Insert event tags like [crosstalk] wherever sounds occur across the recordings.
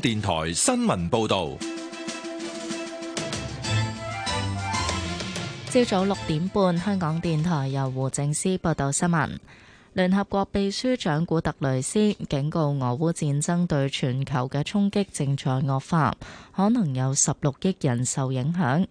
電台新聞報道：朝早六點半，香港電台由胡靜思報道新聞。聯合國秘書長古特雷斯警告，俄烏戰爭對全球嘅衝擊正在惡化，可能有十六億人受影響。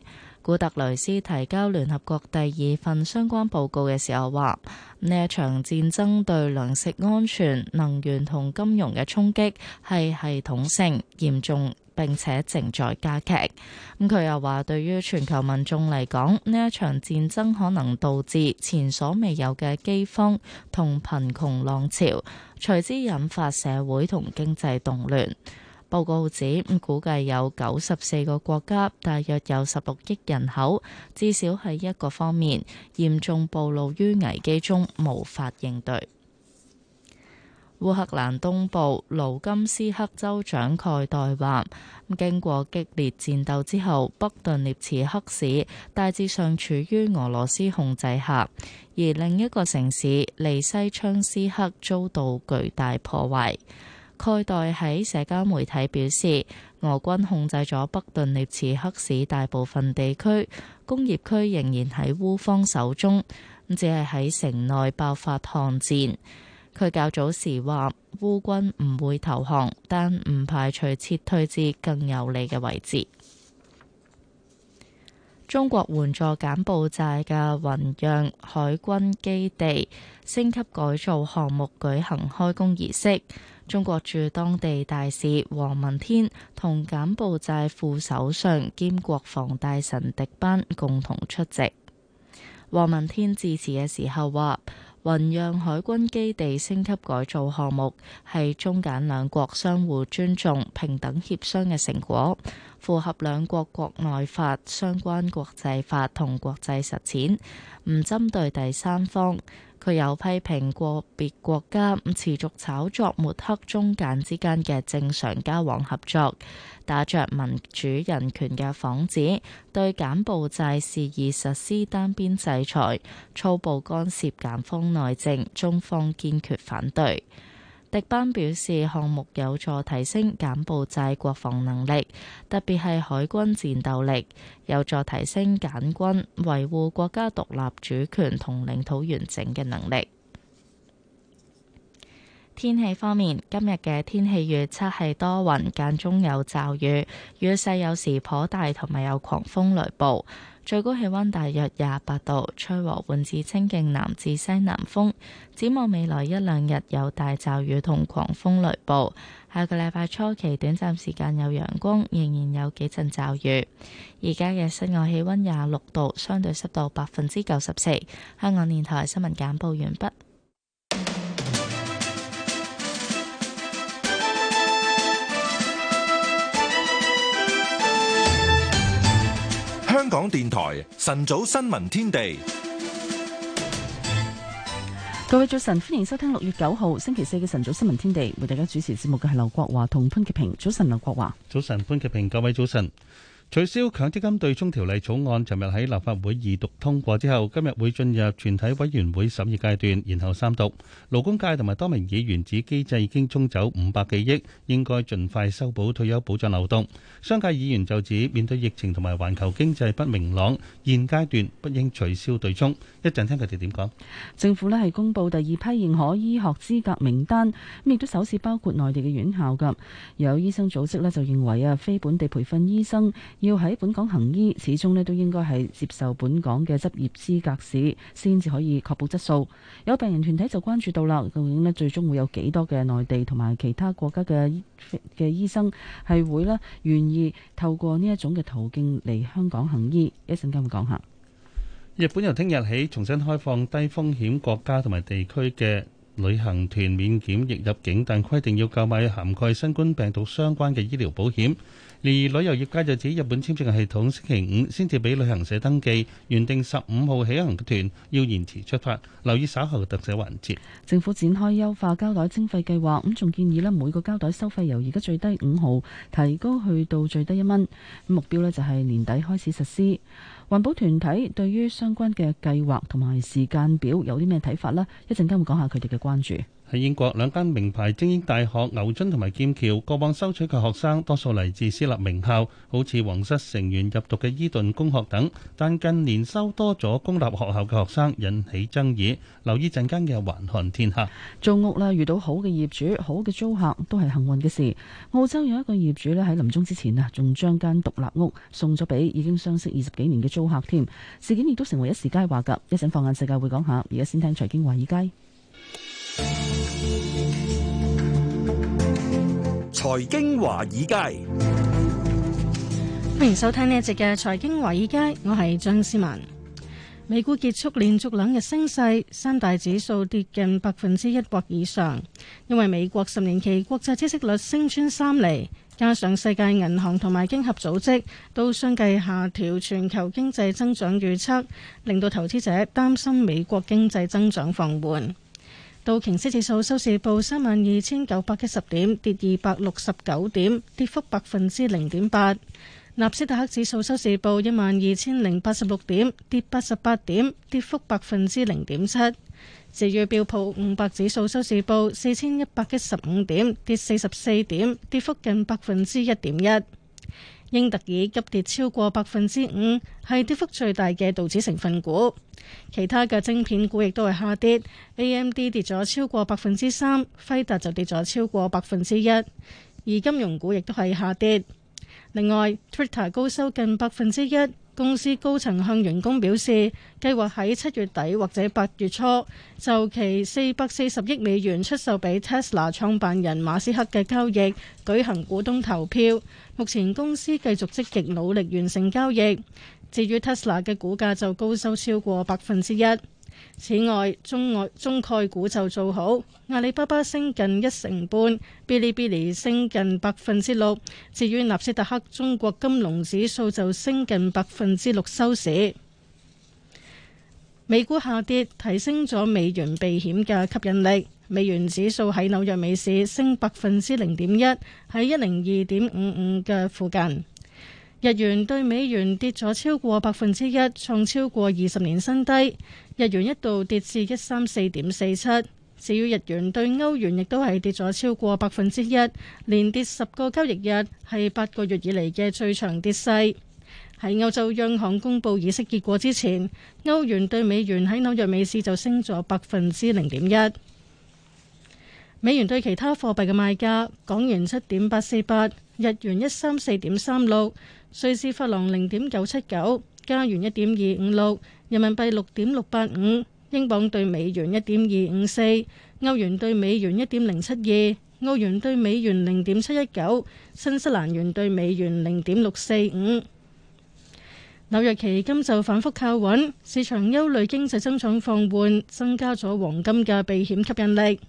古特雷斯提交聯合國第二份相關報告嘅時候話，呢一場戰爭對糧食安全、能源同金融嘅衝擊係系統性、嚴重並且正在加劇，咁佢又話，對於全球民眾嚟講，呢一場戰爭可能導致前所未有嘅饑荒同貧窮浪潮，隨之引發社會同經濟動亂。報告指，估計有九十四個國家，大約有十六億人口，至少喺一個方面嚴重暴露於危機中，無法應對。烏克蘭東部盧甘斯克州長蓋代話，經過激烈戰鬥之後，北頓涅茨克市大致上處於俄羅斯控制下，而另一個城市利西昌斯克遭到巨大破壞。蓋代喺社交媒體表示，俄軍控制咗北頓涅茨克市大部分地區，工業區仍然喺烏方手中，咁只係喺城內爆發巷戰。佢較早時話烏軍唔會投降，但唔排除撤退至更有利嘅位置。中國援助柬埔寨嘅雲壤海軍基地升級改造項目舉行開工儀式。中國駐當地大使王文天同柬埔寨副首相兼國防大臣迪班共同出席。王文天致辭嘅時候話，雲壤海軍基地升級改造項目係中柬兩國相互尊重、平等協商嘅成果，符合兩國國內法、相關國際法同國際實踐，唔針對第三方。佢有批評個別國家持續炒作抹黑中柬之間嘅正常交往合作，打着民主人權嘅幌子，對柬埔寨事宜實施單邊制裁，粗暴干涉柬方內政，中方堅決反對。迪班表示，項目有助提升柬埔寨國防能力，特別係海軍戰鬥力，有助提升柬軍維護國家獨立主權同領土完整嘅能力。天氣方面，今日嘅天氣預測係多雲，間中有驟雨，雨勢有時頗大，同埋有狂風雷暴。最高氣溫大約廿八度，吹和緩至清勁南至西南風。展望未來一兩日有大驟雨同狂風雷暴，下個禮拜初期短暫時間有陽光，仍然有幾陣驟雨。而家嘅室外氣溫廿六度，相對濕度百分之九十四。香港電台新聞簡報完畢。香港電台晨早新聞天地，各位早晨，歡迎收聽六月九號星期四嘅晨早新聞天地。為大家主持節目嘅係劉國華同潘潔平。早晨，劉國華。早晨，潘潔平。各位早晨。取消強積金對沖條例草案，尋日喺立法會二讀通過之後，今日會進入全體委員會審議階段，然後三讀。勞工界同埋多名議員指機制已經沖走五百幾億，應該盡快修補退休保障漏洞。商界議員就指，面對疫情同埋環球經濟不明朗，現階段不應取消對沖。一陣聽佢哋點講。政府咧，係公布第二批認可醫學資格名單，咁亦都首次包括內地嘅院校噶。有醫生組織咧就認為啊，非本地培訓醫生要喺本港行醫，始終咧都應該係接受本港嘅執業資格試，先至可以確保質素。有病人團體就關注到啦，究竟咧最終會有幾多嘅內地同埋其他國家嘅嘅醫生係會咧願意透過呢一種嘅途徑嚟香港行醫？一陣間會講下。日本由聽日起重新開放低風險國家同埋地區嘅旅行團免檢疫入境，但規定要購買涵蓋新冠病毒相關嘅醫療保險。而旅遊業界就指日本簽證嘅系統星期五先至俾旅行社登記，原定十五號起行團要延遲出發。留意稍後特寫環節。政府展開優化膠袋徵費計劃，咁仲建議呢每個膠袋收費由而家最低五毫提高去到最低一蚊，目標呢就係年底開始實施。環保團體對於相關嘅計劃同埋時間表有啲咩睇法呢？一陣間會講下佢哋嘅關注。喺英國兩間名牌精英大學牛津同埋劍橋，過往收取嘅學生多數嚟自私立名校，好似皇室成員入讀嘅伊頓公學等。但近年收多咗公立學校嘅學生，引起爭議。留意陣間嘅橫寒天下。租屋啦，遇到好嘅業主、好嘅租客都係幸運嘅事。澳洲有一個業主呢，喺臨終之前啊，仲將間獨立屋送咗俾已經相識二十幾年嘅租客添。事件亦都成為一時佳話㗎。一陣放眼世界會講下，而家先聽財經華爾街。財經華爾街，歡迎收聽呢一節嘅財經華爾街，我係張思文。美股結束連續兩日升勢，三大指數跌近百分之一或以上，因為美國十年期國債息率升穿三厘，加上世界銀行同埋經合組織都相繼下調全球經濟增長預測，令到投資者擔心美國經濟增長放緩。道瓊斯指數收市報三萬二千九百一十點，跌二百六十九點，跌幅百分之零點八。納斯達克指數收市報一萬二千零八十六點，跌八十八點，跌幅百分之零點七。至於標普五百指數收市報四千一百一十五點，跌四十四點，跌幅近百分之一點一。英特爾急跌超過百分之五，係跌幅最大嘅道指成分股。其他嘅晶片股亦都係下跌，AMD 跌咗超過百分之三，輝達就跌咗超過百分之一。而金融股亦都係下跌。另外，Twitter 高收近百分之一。公司高層向員工表示，計劃喺七月底或者八月初就其四百四十億美元出售俾 Tesla 創辦人馬斯克嘅交易舉行股東投票。目前公司繼續積極努力完成交易。至於 Tesla 嘅股價就高收超過百分之一。此外，中外中概股就做好，阿里巴巴升近一成半，嗶哩嗶，嗶哩升近百分之六。至於納斯達克中國金龍指數就升近百分之六收市。美股下跌，提升咗美元避險嘅吸引力。美元指數喺紐約美市升百分之零點一，喺一零二點五五嘅附近。日元對美元跌咗超過百分之一，創超過二十年新低。日元一度跌至一三四點四七。至於日元對歐元，亦都係跌咗超過百分之一，連跌十個交易日，係八個月以嚟嘅最長跌勢。喺歐洲央行公布議息結果之前，歐元對美元喺紐約美市就升咗百分之零點一。美元對其他貨幣嘅賣價：港元七點八四八，日元一三四點三六。瑞士法郎零點九七九，加元一點二五六，人民幣六點六八五，英鎊兌美元一點二五四，歐元兌美元一點零七二，澳元兌美元零點七一九，新西蘭元兌美元零點六四五。紐約期金就反復靠穩，市場憂慮經濟增長放緩，增加咗黃金嘅避險吸引力。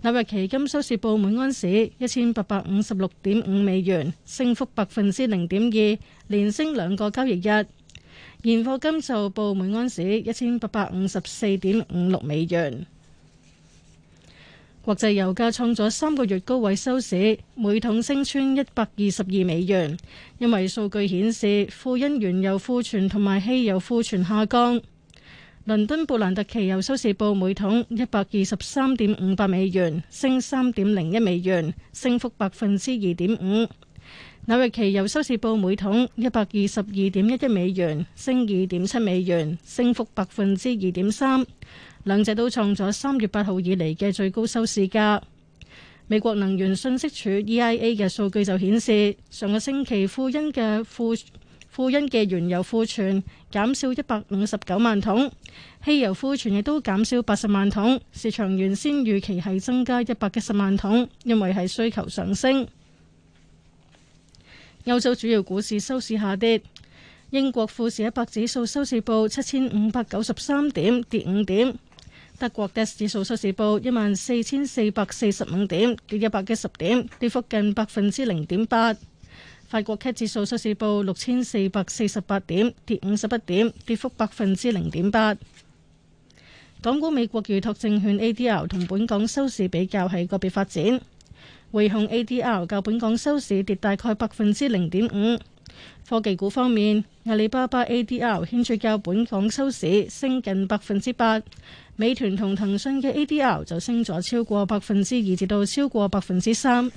紐約期金收市報每安士一千八百五十六點五美元，升幅百分之零點二，連升兩個交易日。現貨金就報每安士一千八百五十四點五六美元。國際油價創咗三個月高位收市，每桶升穿一百二十二美元，因為數據顯示庫欣原油庫存同埋汽油庫存下降。倫敦布蘭特期油收市報每桶一百二十三點五百美元，升三點零一美元，升幅百分之二點五。紐約期油收市報每桶一百二十二點一一美元，升二點七美元，升幅百分之二點三。兩者都創咗三月八號以嚟嘅最高收市價。美國能源信息署 EIA 嘅數據就顯示，上個星期富恩嘅負庫欣嘅原油庫存減少一百五十九萬桶，汽油庫存亦都減少八十萬桶。市場原先預期係增加一百一十萬桶，因為係需求上升。歐洲主要股市收市下跌，英國富時一百指數收市報七千五百九十三點，跌五點；德國 D 指數收市報一萬四千四百四十五點，跌一百一十點，跌幅近百分之零點八。法國 CAC 指數收市報六千四百四十八點，跌五十一點，跌幅百分之零點八。港股美國預託證券 ADR 同本港收市比較係個別發展，匯控 ADR 較本港收市跌大概百分之零點五。科技股方面，阿里巴巴 ADR 牽著較本港收市升近百分之八，美團同騰訊嘅 ADR 就升咗超過百分之二，至到超過百分之三。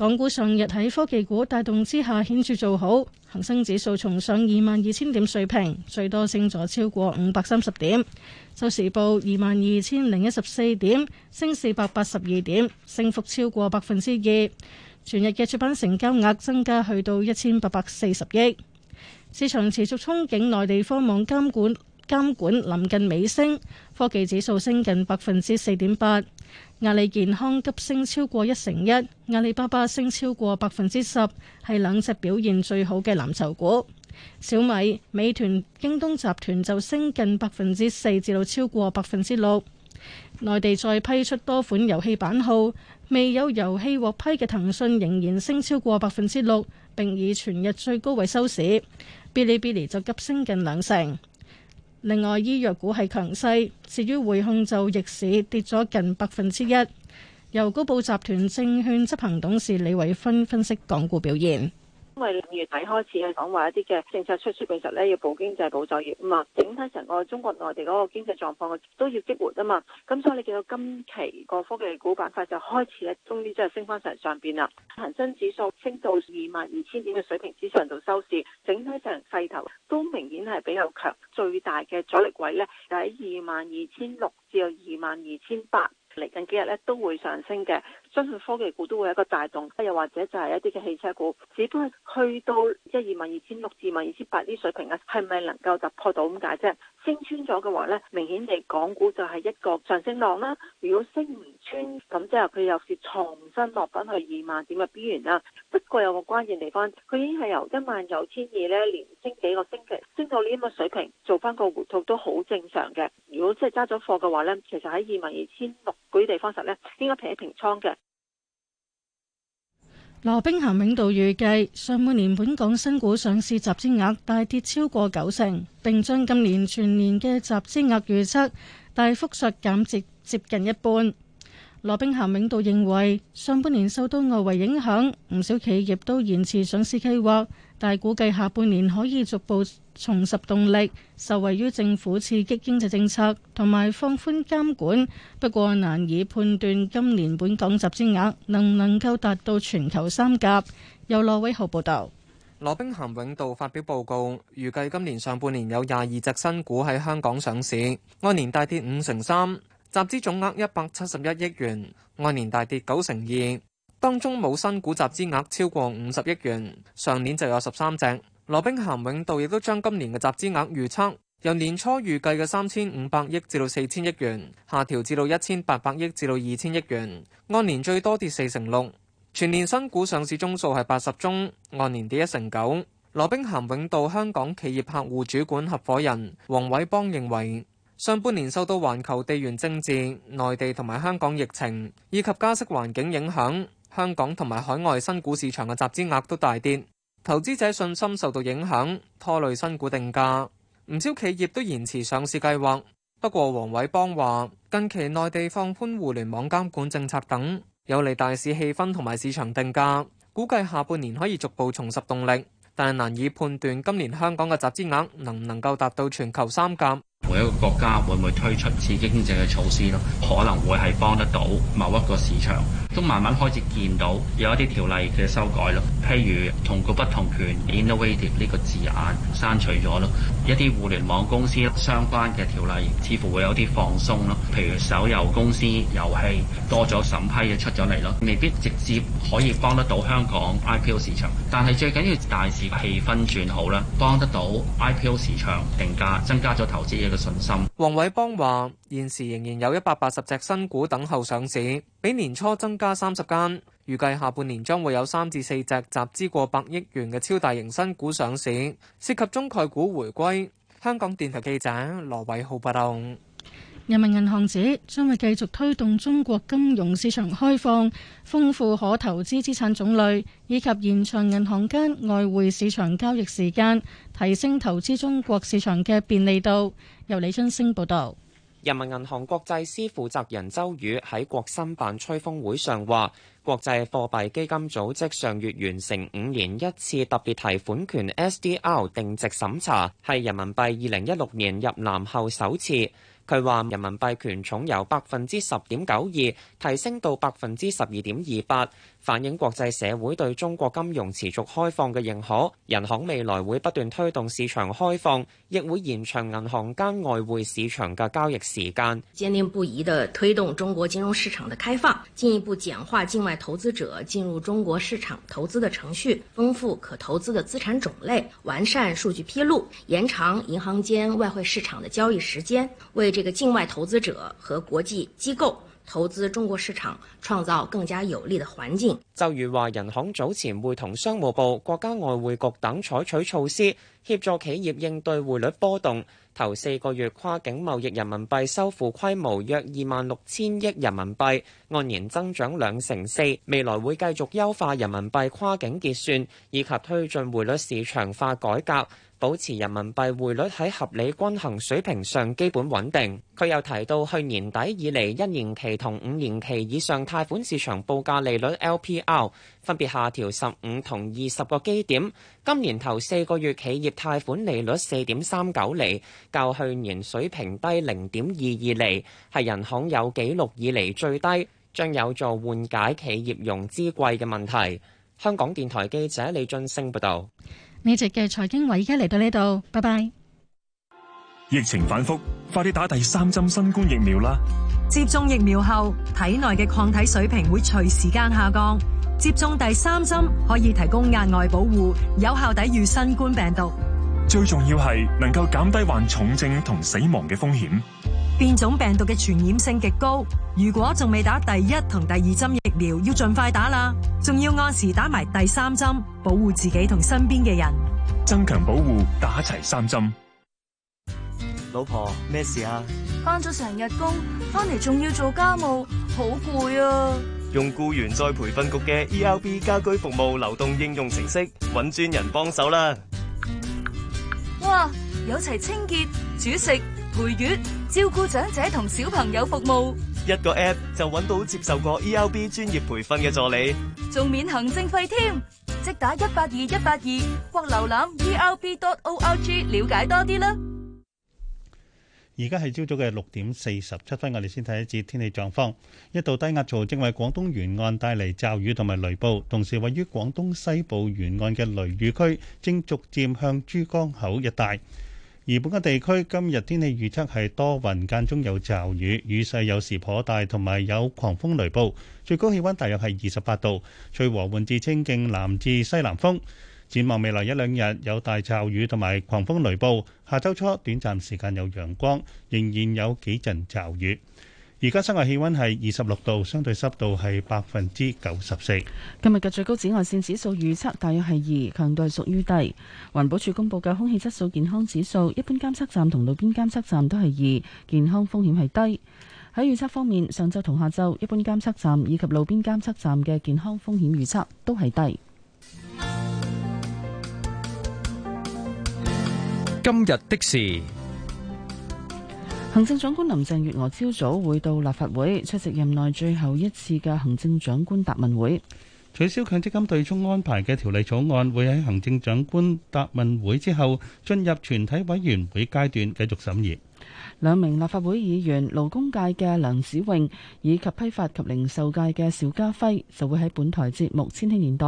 港股上日喺科技股帶動之下顯著做好，恒生指數重上二萬二千點水平，最多升咗超過五百三十點，收市報二萬二千零一十四點，升四百八十二點，升幅超過百分之二。全日嘅主板成交額增加去到一千八百四十億，市場持續憧憬內地科網監管監管臨近尾聲，科技指數升近百分之四點八。阿里健康急升超過一成一，阿里巴巴升超過百分之十，係兩隻表現最好嘅藍籌股。小米、美團、京東集團就升近百分之四至到超過百分之六。內地再批出多款遊戲版號，未有遊戲獲批嘅騰訊仍然升超過百分之六，並以全日最高位收市。Bilibili 就急升近兩成。另外，醫藥股係強勢，至於匯控就逆市跌咗近百分之一。由高寶集團證券執行董事李偉芬分析港股表現。因為五月底開始，係講話一啲嘅政策推出嘅時候咧，要保經濟、保就業啊嘛。整體成個中國內地嗰個經濟狀況，都要激活啊嘛。咁所以你見到今期個科技股板塊就開始咧，終於即係升翻上上邊啦。恒生指數升到二萬二千點嘅水平之上度收市，整體上勢頭都明顯係比較強。最大嘅阻力位咧，就喺二萬二千六至到二萬二千八，嚟緊幾日咧，都會上升嘅。相信科技股都會有一個大動，又或者就係一啲嘅汽車股，只不過去到即係二萬二千六至二萬二千八呢水平啊，係咪能夠突破到咁解啫？升穿咗嘅話呢，明顯地港股就係一個上升浪啦。如果升唔穿，咁即係佢又是重新落翻去二萬點嘅邊緣啦。不過有個關鍵地方，佢已經係由一萬九千二咧，連升幾個星期，升到呢個水平，做翻個回吐都好正常嘅。如果即係揸咗貨嘅話呢，其實喺二萬二千六嗰啲地方實呢，應該平一平倉嘅。羅兵咸永道預計，上半年本港新股上市集資額大跌超過九成，並將今年全年嘅集資額預測大幅削減接近一半。羅兵咸永道認為，上半年受到外圍影響，唔少企業都延遲上市計劃，但估計下半年可以逐步重拾動力，受惠於政府刺激經濟政策同埋放寬監管。不過，難以判斷今年本港集資額能唔能夠達到全球三甲。由羅偉豪報道。羅兵咸永道發表報告，預計今年上半年有廿二隻新股喺香港上市，按年大跌五成三。集資總額一百七十一億元，按年大跌九成二。當中冇新股集資額超過五十億元，上年就有十三隻。羅兵咸永道亦都將今年嘅集資額預測，由年初預計嘅三千五百億至到四千億元，下調至到一千八百億至到二千億元，按年最多跌四成六。全年新股上市宗數係八十宗，按年跌一成九。羅兵咸永道香港企業客戶主管合伙人黃偉邦認為。上半年受到環球地緣政治、內地同埋香港疫情以及加息環境影響，香港同埋海外新股市場嘅集資額都大跌，投資者信心受到影響，拖累新股定價。唔少企業都延遲上市計劃。不過，黃偉邦話：近期內地放寬互聯網監管政策等，有利大市氣氛同埋市場定價，估計下半年可以逐步重拾動力。但係難以判斷今年香港嘅集資額能唔能夠達到全球三甲。每一個國家會唔會推出刺激經濟嘅措施咯？可能會係幫得到某一個市場，都慢慢開始見到有一啲條例嘅修改咯。譬如同股不同權，innovative 呢個字眼刪除咗咯。一啲互聯網公司相關嘅條例似乎會有啲放鬆咯。譬如手遊公司遊戲多咗審批就出咗嚟咯，未必直接可以幫得到香港 IPO 市場。但係最緊要大市，氣氛轉好啦。幫得到 IPO 市場定價，增加咗投資者嘅信心。黃偉邦話：現時仍然有一百八十隻新股等候上市，比年初增加三十間。預計下半年將會有三至四隻集資過百億元嘅超大型新股上市，涉及中概股回歸。香港電台記者羅偉浩報道。人民銀行指將會繼續推動中國金融市場開放，豐富可投資資產種類，以及延長銀行間外匯市場交易時間，提升投資中國市場嘅便利度。由李春星報道。人民銀行國際司負責人周宇喺國新辦吹風會上話，國際貨幣基金組織上月完成五年一次特別提款權 SDR 定值審查，係人民幣二零一六年入籃後首次。佢話：人民幣權重由百分之十點九二提升到百分之十二點二八。反映國際社會對中國金融持續開放嘅認可，人行未來會不斷推動市場開放，亦會延長銀行間外匯市場嘅交易時間。堅定不移地推動中國金融市場的開放，進一步簡化境外投資者進入中國市場投資的程序，豐富可投資的資產種類，完善數據披露，延長銀行間外匯市場的交易時間，為這個境外投資者和國際機構。投資中國市場，創造更加有利的環境。就如華人行早前會同商務部、國家外匯局等採取措施，協助企業應對匯率波動。頭四個月跨境貿易人民幣收付規模約二萬六千億人民幣，按年增長兩成四。未來會繼續優化人民幣跨境結算以及推進匯率市場化改革。保持人民幣匯率喺合理均衡水平上基本穩定。佢又提到，去年底以嚟一年期同五年期以上貸款市場報價利率 （LPR） 分別下調十五同二十個基點，今年頭四個月企業貸款利率四點三九厘較去年水平低零點二二厘，係人行有紀錄以嚟最低，將有助緩解企業融資貴嘅問題，香港電台記者李俊升報道。美籍嘅財經委而家嚟到呢度，拜拜。疫情反覆，快啲打第三針新冠疫苗啦！接種疫苗後，體內嘅抗體水平會隨時間下降。接種第三針可以提供額外保護，有效抵禦新冠病毒。最重要係能夠減低患重症同死亡嘅風險。變種病毒嘅傳染性極高，如果仲未打第一同第二針。要盡快打啦，仲要按時打埋第三針，保護自己同身邊嘅人，增強保護，打齊三針。老婆，咩事啊？返咗成日工，返嚟仲要做家務，好攰啊！用僱員再培訓局嘅 ERB 家居服務流動應用程式，揾專人幫手啦！哇，有齊清潔、煮食、陪月、照顧長者同小朋友服務。一個 app 就揾到接受過 E R B 專業培訓嘅助理，仲免行政費添，即打一八二一八二或瀏覽 E R B dot O R G 了解多啲啦。而家係朝早嘅六點四十七分，我哋先睇一節天氣狀況。一度低壓槽正為廣東沿岸帶嚟驟雨同埋雷暴，同時位於廣東西部沿岸嘅雷雨區正逐漸向珠江口一帶。而本港地區今日天氣預測係多雲間中有驟雨，雨勢有時頗大，同埋有狂風雷暴。最高氣溫大約係二十八度，吹和緩至清勁南至西南風。展望未來一兩日有大驟雨同埋狂風雷暴，下周初短暫時間有陽光，仍然有幾陣驟雨。而家室外氣溫係二十六度，相對濕度係百分之九十四。今日嘅最高紫外線指數預測大約係二，強度屬於低。環保署公佈嘅空氣質素健康指數，一般監測站同路邊監測站都係二，健康風險係低。喺預測方面，上晝同下晝一般監測站以及路邊監測站嘅健康風險預測都係低。今日的事。行政長官林鄭月娥朝早會到立法會出席任內最後一次嘅行政長官答問會。取消強積金對沖安排嘅條例草案會喺行政長官答問會之後進入全體委員會階段繼續審議。兩名立法會議員勞工界嘅梁子穎以及批發及零售界嘅邵家輝就會喺本台節目《千禧年代》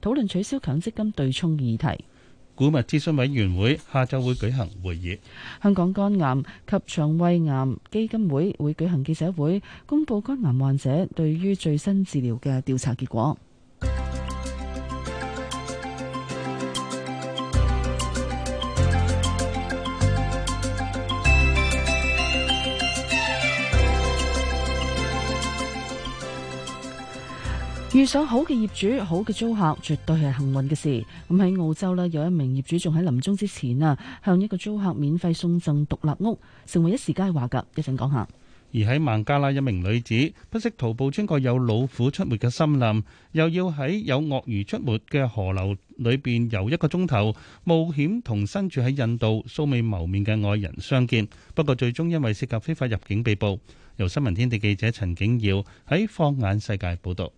討論取消強積金對沖議題。古物諮詢委員會下晝會舉行會議。香港肝癌及腸胃癌基金會會舉行記者會，公布肝癌患者對於最新治療嘅調查結果。遇上好嘅業主、好嘅租客，絕對係幸運嘅事。咁喺澳洲呢，有一名業主仲喺臨終之前啊，向一個租客免費送贈獨立屋，成為一時佳話噶。一陣講下。而喺孟加拉，一名女子不惜徒步穿過有老虎出沒嘅森林，又要喺有鱷魚出沒嘅河流裏邊游一個鐘頭，冒險同身住喺印度素未謀面嘅愛人相見。不過最終因為涉及非法入境被捕。由新聞天地記者陳景耀喺放眼世界報道。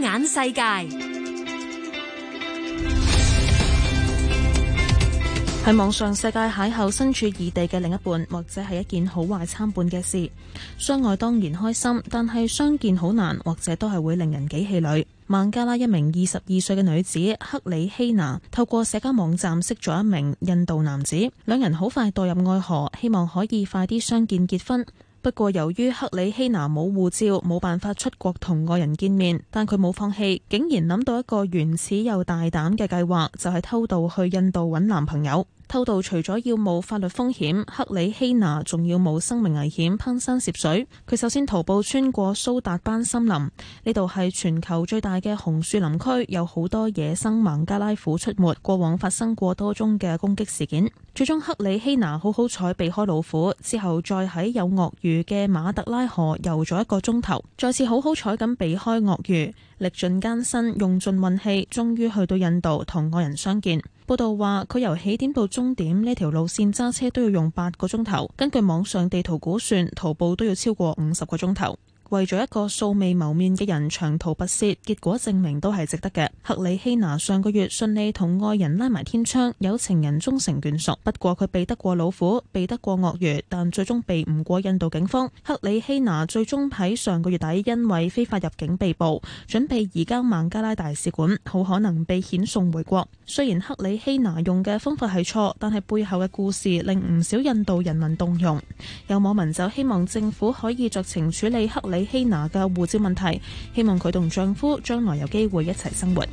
眼世界，喺網上世界邂逅身處異地嘅另一半，或者係一件好壞參半嘅事。相愛當然開心，但係相見好難，或者都係會令人幾氣餒。孟加拉一名二十二歲嘅女子克里希娜透過社交網站識咗一名印度男子，兩人好快墮入愛河，希望可以快啲相見結婚。不過，由於克里希娜冇護照，冇辦法出國同外人見面，但佢冇放棄，竟然諗到一個原始又大膽嘅計劃，就係、是、偷渡去印度揾男朋友。偷渡除咗要冒法律風險，克里希娜仲要冒生命危險，攀山涉水。佢首先徒步穿過蘇達班森林，呢度係全球最大嘅紅樹林區，有好多野生孟加拉虎出沒，過往發生過多宗嘅攻擊事件。最終，克里希娜好好彩避開老虎，之後再喺有鱷魚嘅馬特拉河游咗一個鐘頭，再次好好彩咁避開鱷魚，歷盡艱辛，用盡運氣，終於去到印度同愛人相見。報道話，佢由起點到終點呢條路線揸車都要用八個鐘頭，根據網上地圖估算，徒步都要超過五十個鐘頭。為咗一個素未謀面嘅人長途跋涉，結果證明都係值得嘅。克里希娜上個月順利同愛人拉埋天窗，有情人終成眷屬。不過佢避得過老虎，避得過鱷魚，但最終避唔過印度警方。克里希娜最終喺上個月底因為非法入境被捕，準備移交孟加拉大使館，好可能被遣送回國。雖然克里希娜用嘅方法係錯，但係背後嘅故事令唔少印度人民動容。有網民就希望政府可以酌情處理克里喺希拿嘅護照問題，希望佢同丈夫將來有機會一齊生活。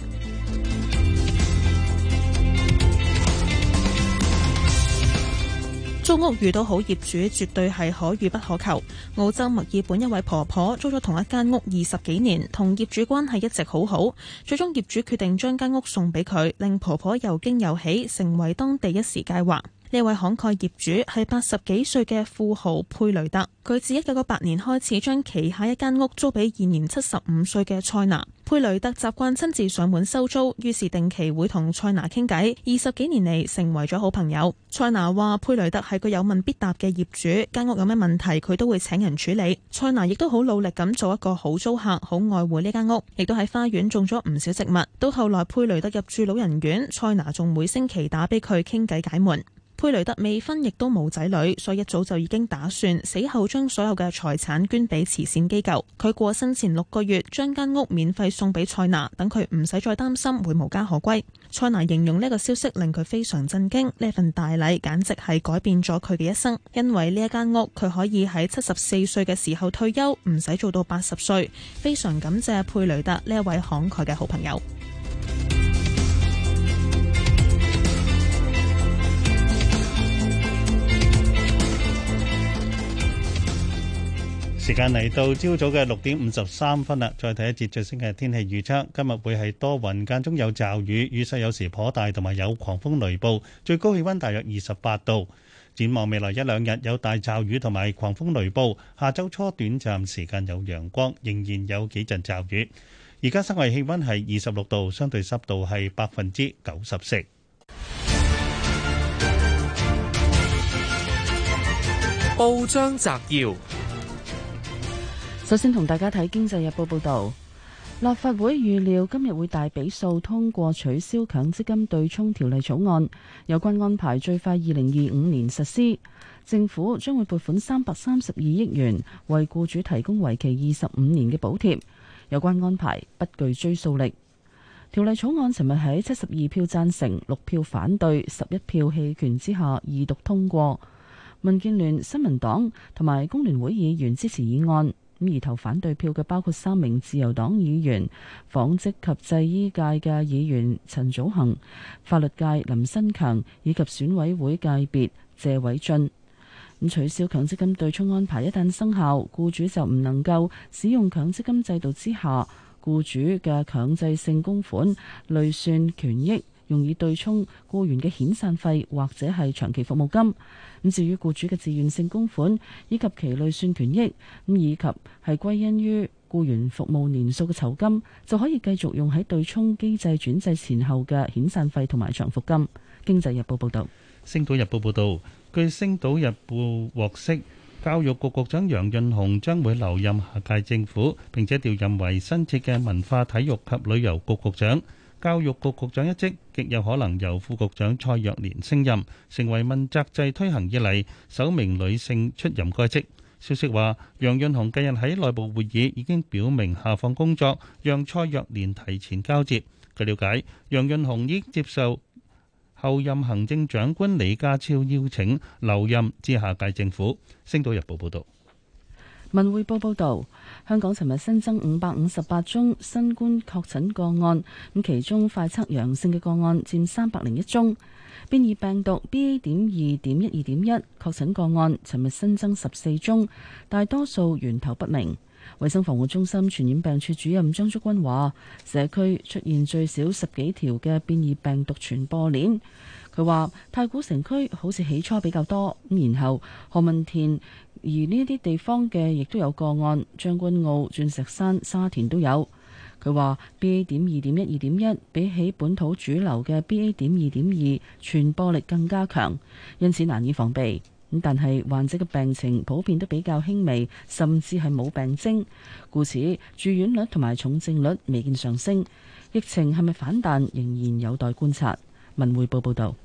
租屋遇到好業主絕對係可遇不可求。澳洲墨爾本一位婆婆租咗同一間屋二十幾年，同業主關係一直好好，最終業主決定將間屋送俾佢，令婆婆又驚又喜，成為當地一時佳話。呢位慷慨業主係八十幾歲嘅富豪佩雷特，佢自一九九八年開始將旗下一間屋租俾現年七十五歲嘅塞娜。佩雷特習慣親自上門收租，於是定期會同塞娜傾偈。二十幾年嚟，成為咗好朋友。塞娜話：佩雷特係個有問必答嘅業主，間屋有咩問題佢都會請人處理。塞娜亦都好努力咁做一個好租客，好愛護呢間屋，亦都喺花園種咗唔少植物。到後來佩雷特入住老人院，塞娜仲每星期打俾佢傾偈解悶。佩雷特未婚，亦都冇仔女，所以一早就已經打算死後將所有嘅財產捐俾慈善機構。佢過身前六個月，將間屋免費送俾塞納，等佢唔使再擔心會無家可歸。塞納形容呢個消息令佢非常震驚，呢份大禮簡直係改變咗佢嘅一生，因為呢一間屋，佢可以喺七十四歲嘅時候退休，唔使做到八十歲。非常感謝佩雷特呢一位慷慨嘅好朋友。時間嚟到朝早嘅六點五十三分啦，再睇一節最新嘅天氣預測。今日會係多雲間中有驟雨，雨勢有時頗大，同埋有狂風雷暴。最高氣溫大約二十八度。展望未來一兩日有大驟雨同埋狂風雷暴，下周初短暫時間有陽光，仍然有幾陣驟雨。而家室外氣溫係二十六度，相對濕度係百分之九十四。報章摘要。首先同大家睇《經濟日報》報道，立法會預料今日會大比數通過取消強積金對沖條例草案，有關安排最快二零二五年實施。政府將會撥款三百三十二億元為雇主提供為期二十五年嘅補貼，有關安排不具追溯力。條例草案尋日喺七十二票贊成、六票反對、十一票棄權之下二讀通過，民建聯、新民黨同埋工聯會議員支持議案。咁而投反對票嘅包括三名自由黨議員、紡織及製衣界嘅議員陳祖恒、法律界林新強以及選委會界別謝偉俊。咁取消強積金對沖安排一旦生效，僱主就唔能夠使用強積金制度之下僱主嘅強制性供款累算權益。用以對沖僱員嘅遣散費或者係長期服務金。咁至於僱主嘅自願性供款以及其累算權益，咁以及係歸因於僱員服務年數嘅酬金，就可以繼續用喺對沖機制轉制前後嘅遣散費同埋長服金。經濟日報報導，《星島日報》報導，據《星島日報》獲悉，教育局局長楊潤雄將會留任下屆政府，並且調任為新設嘅文化體育及旅遊局局長。教育局局長一職極有可能由副局長蔡若蓮升任，成為問責制推行以嚟首名女性出任該職。消息話，楊潤雄近日喺內部會議已經表明下放工作，讓蔡若蓮提前交接。據了解，楊潤雄亦接受後任行政長官李家超邀請留任至下屆政府。星島日報報道。文匯報報道，香港尋日新增五百五十八宗新冠確診個案，咁其中快測陽性嘅個案佔三百零一宗。變異病毒 BA. 點二點一二點一確診個案尋日新增十四宗，大多數源頭不明。衛生防護中心傳染病處主任張竹君話，社區出現最少十幾條嘅變異病毒傳播鏈。佢話太古城區好似起初比較多，咁然後何文田。而呢一啲地方嘅亦都有個案，將軍澳、鑽石山、沙田都有。佢話 BA. 點二點一、二點一比起本土主流嘅 BA. 點二點二，傳播力更加強，因此難以防備。咁但係患者嘅病情普遍都比較輕微，甚至係冇病徵，故此住院率同埋重症率未見上升。疫情係咪反彈，仍然有待觀察。文匯報報道。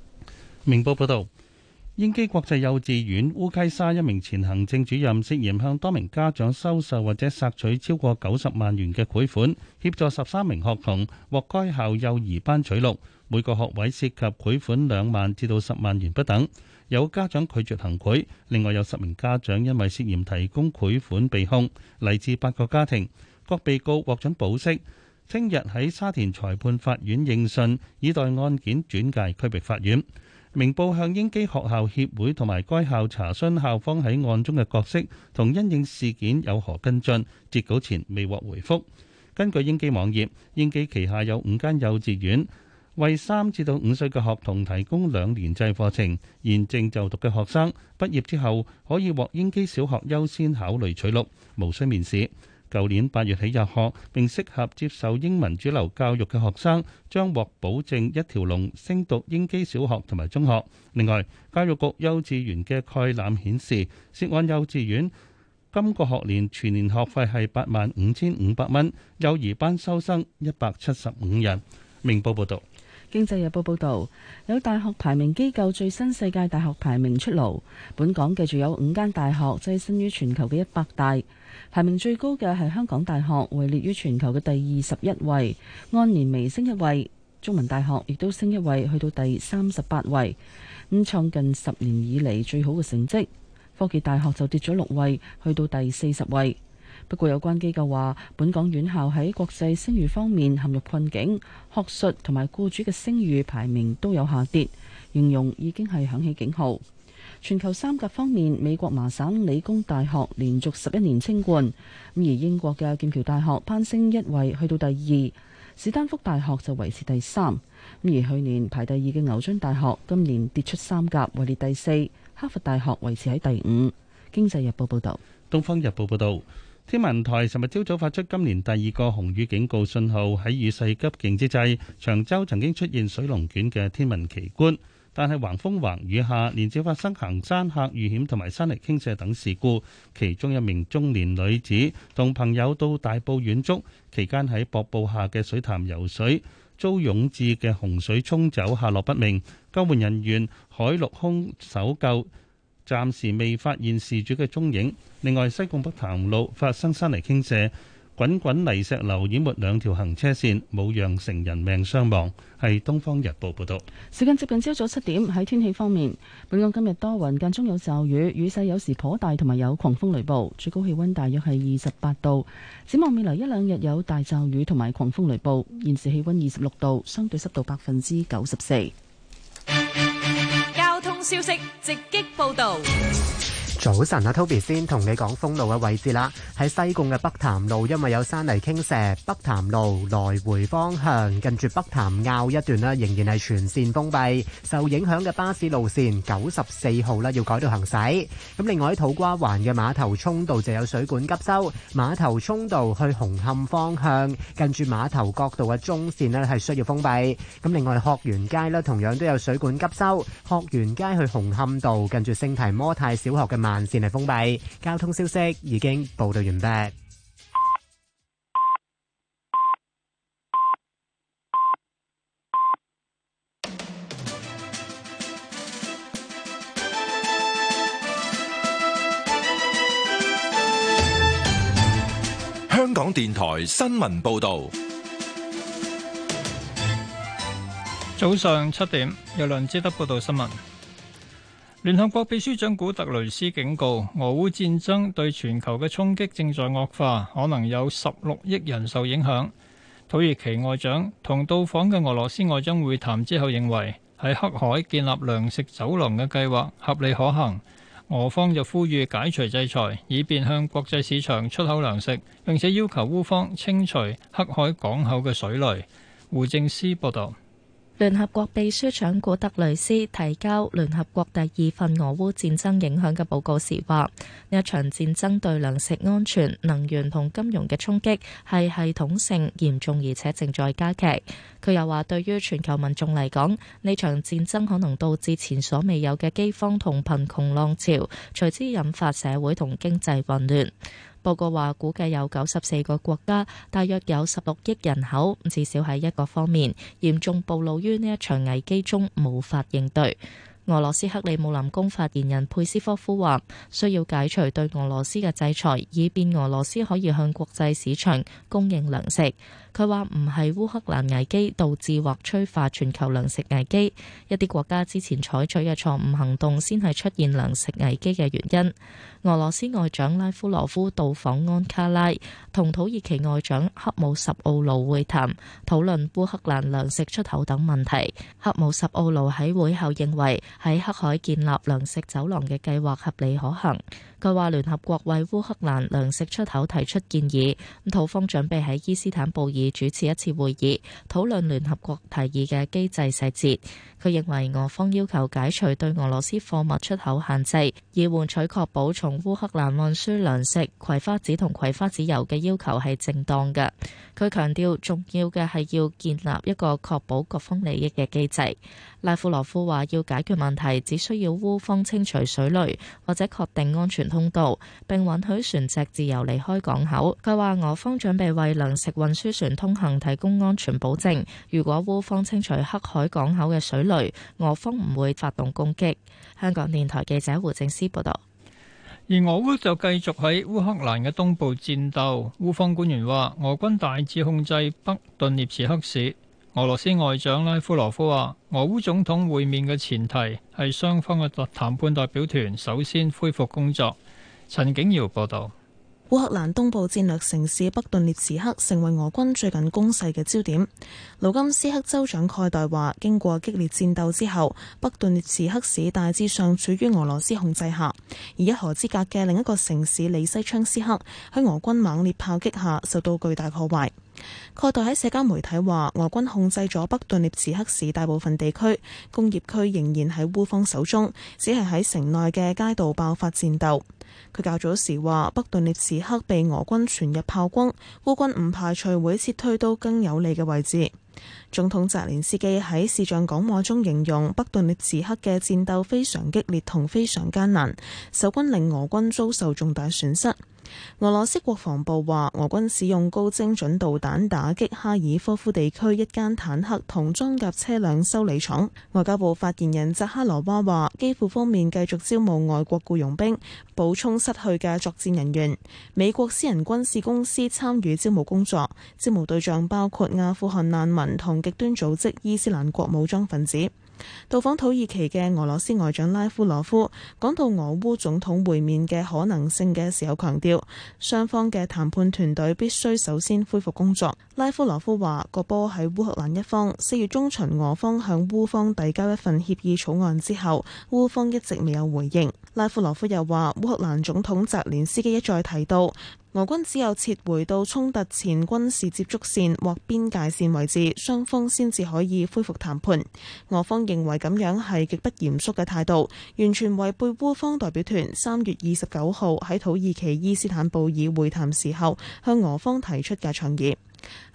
明報報道。英基國際幼稚園烏溪沙一名前行政主任涉嫌向多名家長收受或者索取超過九十萬元嘅賄款，協助十三名學童獲該校幼兒班取錄，每個學位涉及賄款兩萬至到十萬元不等。有家長拒絕行賄，另外有十名家長因為涉嫌提供賄款被控，嚟自八個家庭。各被告獲准保釋，聽日喺沙田裁判法院應訊，以待案件轉介區域法院。明報向英基學校協會同埋該校查詢，校方喺案中嘅角色同因應事件有何跟進，截稿前未獲回覆。根據英基網頁，英基旗下有五間幼稚園，為三至到五歲嘅學童提供兩年制課程，現正就讀嘅學生畢業之後可以獲英基小學優先考慮取錄，無需面試。舊年八月起入學，並適合接受英文主流教育嘅學生，將獲保證一條龍升讀英基小學同埋中學。另外，教育局幼稚園嘅概覽顯示，涉案幼稚園今個學年全年學費係八萬五千五百蚊，幼兒班收生一百七十五人。明報報導，《經濟日報》報導，有大學排名機構最新世界大學排名出爐，本港繼續有五間大學躋身於全球嘅一百大。排名最高嘅係香港大學位列於全球嘅第二十一位，按年微升一位。中文大學亦都升一位，去到第三十八位，咁創近十年以嚟最好嘅成績，科技大學就跌咗六位，去到第四十位。不過有關機構話，本港院校喺國際聲譽方面陷入困境，學術同埋僱主嘅聲譽排名都有下跌，形容已經係響起警號。全球三甲方面，美國麻省理工大學連續十一年稱冠，而英國嘅劍橋大學攀升一位去到第二，史丹福大學就維持第三，而去年排第二嘅牛津大學今年跌出三甲，位列第四，哈佛大學維持喺第五。經濟日報報道，東方日報報道，天文台尋日朝早發出今年第二個紅雨警告信號，喺雨勢急勁之際，長洲曾經出現水龍捲嘅天文奇觀。但係橫風橫雨下，連接發生行山客遇險同埋山泥傾瀉等事故。其中一名中年女子同朋友到大埔遠足期間，喺瀑布下嘅水潭游水，遭湧至嘅洪水沖走，下落不明。救援人員海陸空搜救，暫時未發現事主嘅蹤影。另外，西貢北潭路發生山泥傾瀉。滾滾泥石流淹沒兩條行車線，冇釀成人命傷亡。係《東方日報》報道。時間接近朝早七點，喺天氣方面，本港今日多雲，間中有驟雨，雨勢有時頗大，同埋有狂風雷暴。最高氣温大約係二十八度。展望未來一兩日有大驟雨同埋狂風雷暴。現時氣温二十六度，相對濕度百分之九十四。交通消息，直擊報道。早晨啊，Toby 先同你講封路嘅位置啦。喺西貢嘅北潭路，因為有山泥傾瀉，北潭路來回方向，近住北潭坳一段咧，仍然係全線封閉。受影響嘅巴士路線九十四號咧，要改道行駛。咁另外喺土瓜灣嘅馬頭涌道就有水管急修，馬頭涌道去紅磡方向，近住馬頭角道嘅中線咧係需要封閉。咁另外鶴園街咧同樣都有水管急修，鶴園街去紅磡道，近住聖提摩太小學嘅馬。沿線係封閉，交通消息已經報道完畢。香港電台新聞報道，早上七點由梁之德報道新聞。聯合國秘書長古特雷斯警告，俄烏戰爭對全球嘅衝擊正在惡化，可能有十六億人受影響。土耳其外長同到訪嘅俄羅斯外長會談之後，認為喺黑海建立糧食走廊嘅計劃合理可行。俄方就呼籲解除制裁，以便向國際市場出口糧食，並且要求烏方清除黑海港口嘅水雷。胡正思報道。聯合國秘書長古特雷斯提交聯合國第二份俄烏戰爭影響嘅報告時，話呢場戰爭對糧食安全、能源同金融嘅衝擊係系統性嚴重，而且正在加劇。佢又話，對於全球民眾嚟講，呢場戰爭可能導致前所未有嘅饑荒同貧窮浪潮，隨之引發社會同經濟混亂。報告話，估計有九十四個國家，大約有十六億人口，至少喺一個方面嚴重暴露於呢一場危機中，無法應對。俄羅斯克里姆林宮發言人佩斯科夫話，需要解除對俄羅斯嘅制裁，以便俄羅斯可以向國際市場供應糧食。佢話唔係烏克蘭危機導致或催化全球糧食危機，一啲國家之前採取嘅錯誤行動先係出現糧食危機嘅原因。俄羅斯外長拉夫羅夫到訪安卡拉，同土耳其外長恰武什奧盧會談，討論烏克蘭糧食出口等問題。恰武什奧盧喺會後認為喺黑海建立糧食走廊嘅計劃合理可行。佢話聯合國為烏克蘭糧食出口提出建議，土方準備喺伊斯坦布爾主持一次會議，討論聯合國提議嘅機制細節。佢認為俄方要求解除對俄羅斯貨物出口限制，以換取確保從烏克蘭運輸糧食、葵花籽同葵花籽油嘅要求係正當嘅。佢強調重要嘅係要建立一個確保各方利益嘅機制。拉夫羅夫話要解決問題，只需要烏方清除水雷或者確定安全通道，並允許船隻自由離開港口。佢話俄方準備為糧食運輸船通行提供安全保證，如果烏方清除黑海港口嘅水雷，俄方唔會發動攻擊，香港電台記者胡正思報道。而俄烏就繼續喺烏克蘭嘅東部戰鬥，烏方官員話俄軍大致控制北頓涅茨克市。俄羅斯外長拉夫羅夫話：俄烏總統會面嘅前提係雙方嘅談判代表團首先恢復工作。陳景耀報道，烏克蘭東部戰略城市北頓涅茨克成為俄軍最近攻勢嘅焦點。盧甘斯克州長蓋代話：經過激烈戰鬥之後，北頓涅茨克市大致上處於俄羅斯控制下。而一河之隔嘅另一個城市里西昌斯克喺俄軍猛烈炮擊下受到巨大破壞。柯代喺社交媒體話，俄軍控制咗北頓涅茨克市大部分地區，工業區仍然喺烏方手中，只係喺城內嘅街道爆發戰鬥。佢較早時話，北頓涅茨克被俄軍全日炮轟，烏軍唔排除會撤退到更有利嘅位置。總統澤連斯基喺視像講話中形容，北頓涅茨克嘅戰鬥非常激烈同非常艱難，守軍令俄軍遭受重大損失。俄羅斯國防部話，俄軍使用高精準導彈打擊哈爾科夫地區一間坦克同裝甲車輛修理廠。外交部發言人扎哈羅娃話，基輔方面繼續招募外國僱傭兵，補充失去嘅作戰人員。美國私人軍事公司參與招募工作，招募對象包括阿富汗難民同極端組織伊斯蘭國武裝分子。到訪土耳其嘅俄羅斯外長拉夫羅夫，講到俄烏總統會面嘅可能性嘅時候強調，強調雙方嘅談判團隊必須首先恢復工作。拉夫羅夫話：個波喺烏克蘭一方，四月中旬俄方向烏方遞交一份協議草案之後，烏方一直未有回應。拉夫羅夫又話：烏克蘭總統澤連斯基一再提到，俄軍只有撤回到衝突前軍事接觸線或邊界線位置，雙方先至可以恢復談判。俄方認為咁樣係極不嚴肅嘅態度，完全違背烏方代表團三月二十九號喺土耳其伊斯坦布爾會談時候向俄方提出嘅倡議。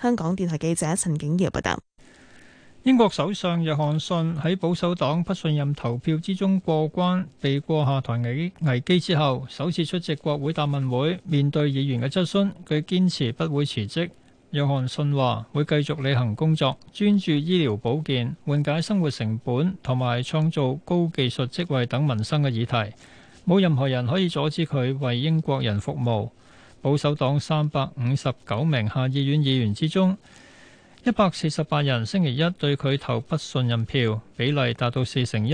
香港電台記者陳景堯報道。英國首相約翰遜喺保守黨不信任投票之中過關，避過下台危機之後，首次出席國會答問會，面對議員嘅質詢，佢堅持不會辭職。約翰遜話會繼續履行工作，專注醫療保健、緩解生活成本同埋創造高技術職位等民生嘅議題。冇任何人可以阻止佢為英國人服務。保守黨三百五十九名下議院議員之中，一百四十八人星期一對佢投不信任票，比例達到四成一。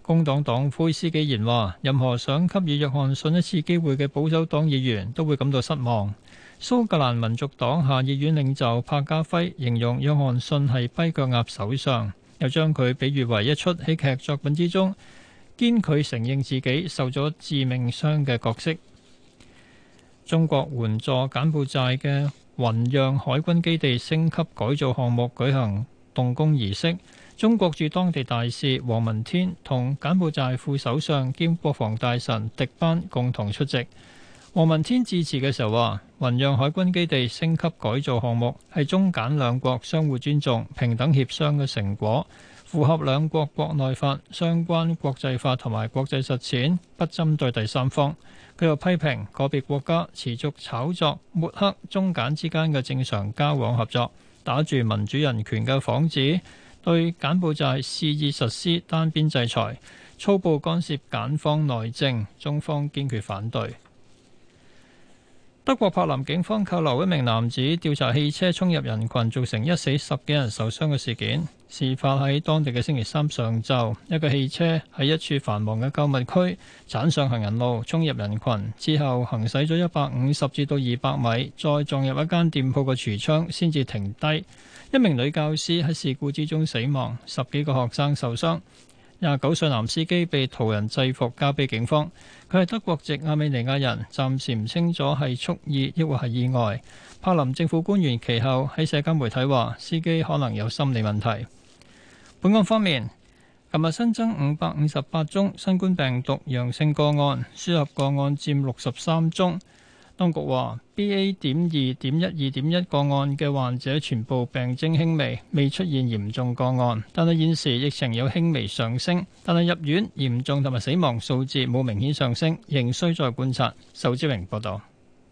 工黨黨魁施紀賢話任何想給予約翰遜一次機會嘅保守黨議員都會感到失望。蘇格蘭民族黨下議院領袖帕嘉輝形容約翰遜係跛腳鴨首相，又將佢比喻為一出喜劇作品之中堅拒承認自己受咗致命傷嘅角色。中國援助柬埔寨嘅雲壤海軍基地升級改造項目舉行動工儀式，中國駐當地大使王文天同柬埔寨副首相兼國防大臣迪班共同出席。王文天致辭嘅時候話：雲壤海軍基地升級改造項目係中柬兩國相互尊重、平等協商嘅成果，符合兩國國內法、相關國際法同埋國際實踐，不針對第三方。佢又批評個別國家持續炒作抹黑中柬之間嘅正常交往合作，打著民主人權嘅幌子，對柬埔寨肆意實施單邊制裁，粗暴干涉柬方內政，中方堅決反對。德國柏林警方扣留一名男子調查汽車衝入人群造成一死十幾人受傷嘅事件。事發喺當地嘅星期三上晝，一個汽車喺一處繁忙嘅購物區鏟上行人路衝入人群之後行駛咗一百五十至到二百米，再撞入一間店鋪嘅櫥窗先至停低。一名女教師喺事故之中死亡，十幾個學生受傷。廿九歲男司機被途人制服交俾警方，佢係德國籍亞美尼亞人，暫時唔清楚係蓄意抑或係意外。柏林政府官員其後喺社交媒體話，司機可能有心理問題。本港方面，琴日新增五百五十八宗新冠病毒陽性個案，輸入個案佔六十三宗。當局話，B A 點二點一二點一個案嘅患者全部病徵輕微，未出現嚴重個案。但係現時疫情有輕微上升，但係入院嚴重同埋死亡數字冇明顯上升，仍需再觀察。仇志榮報道。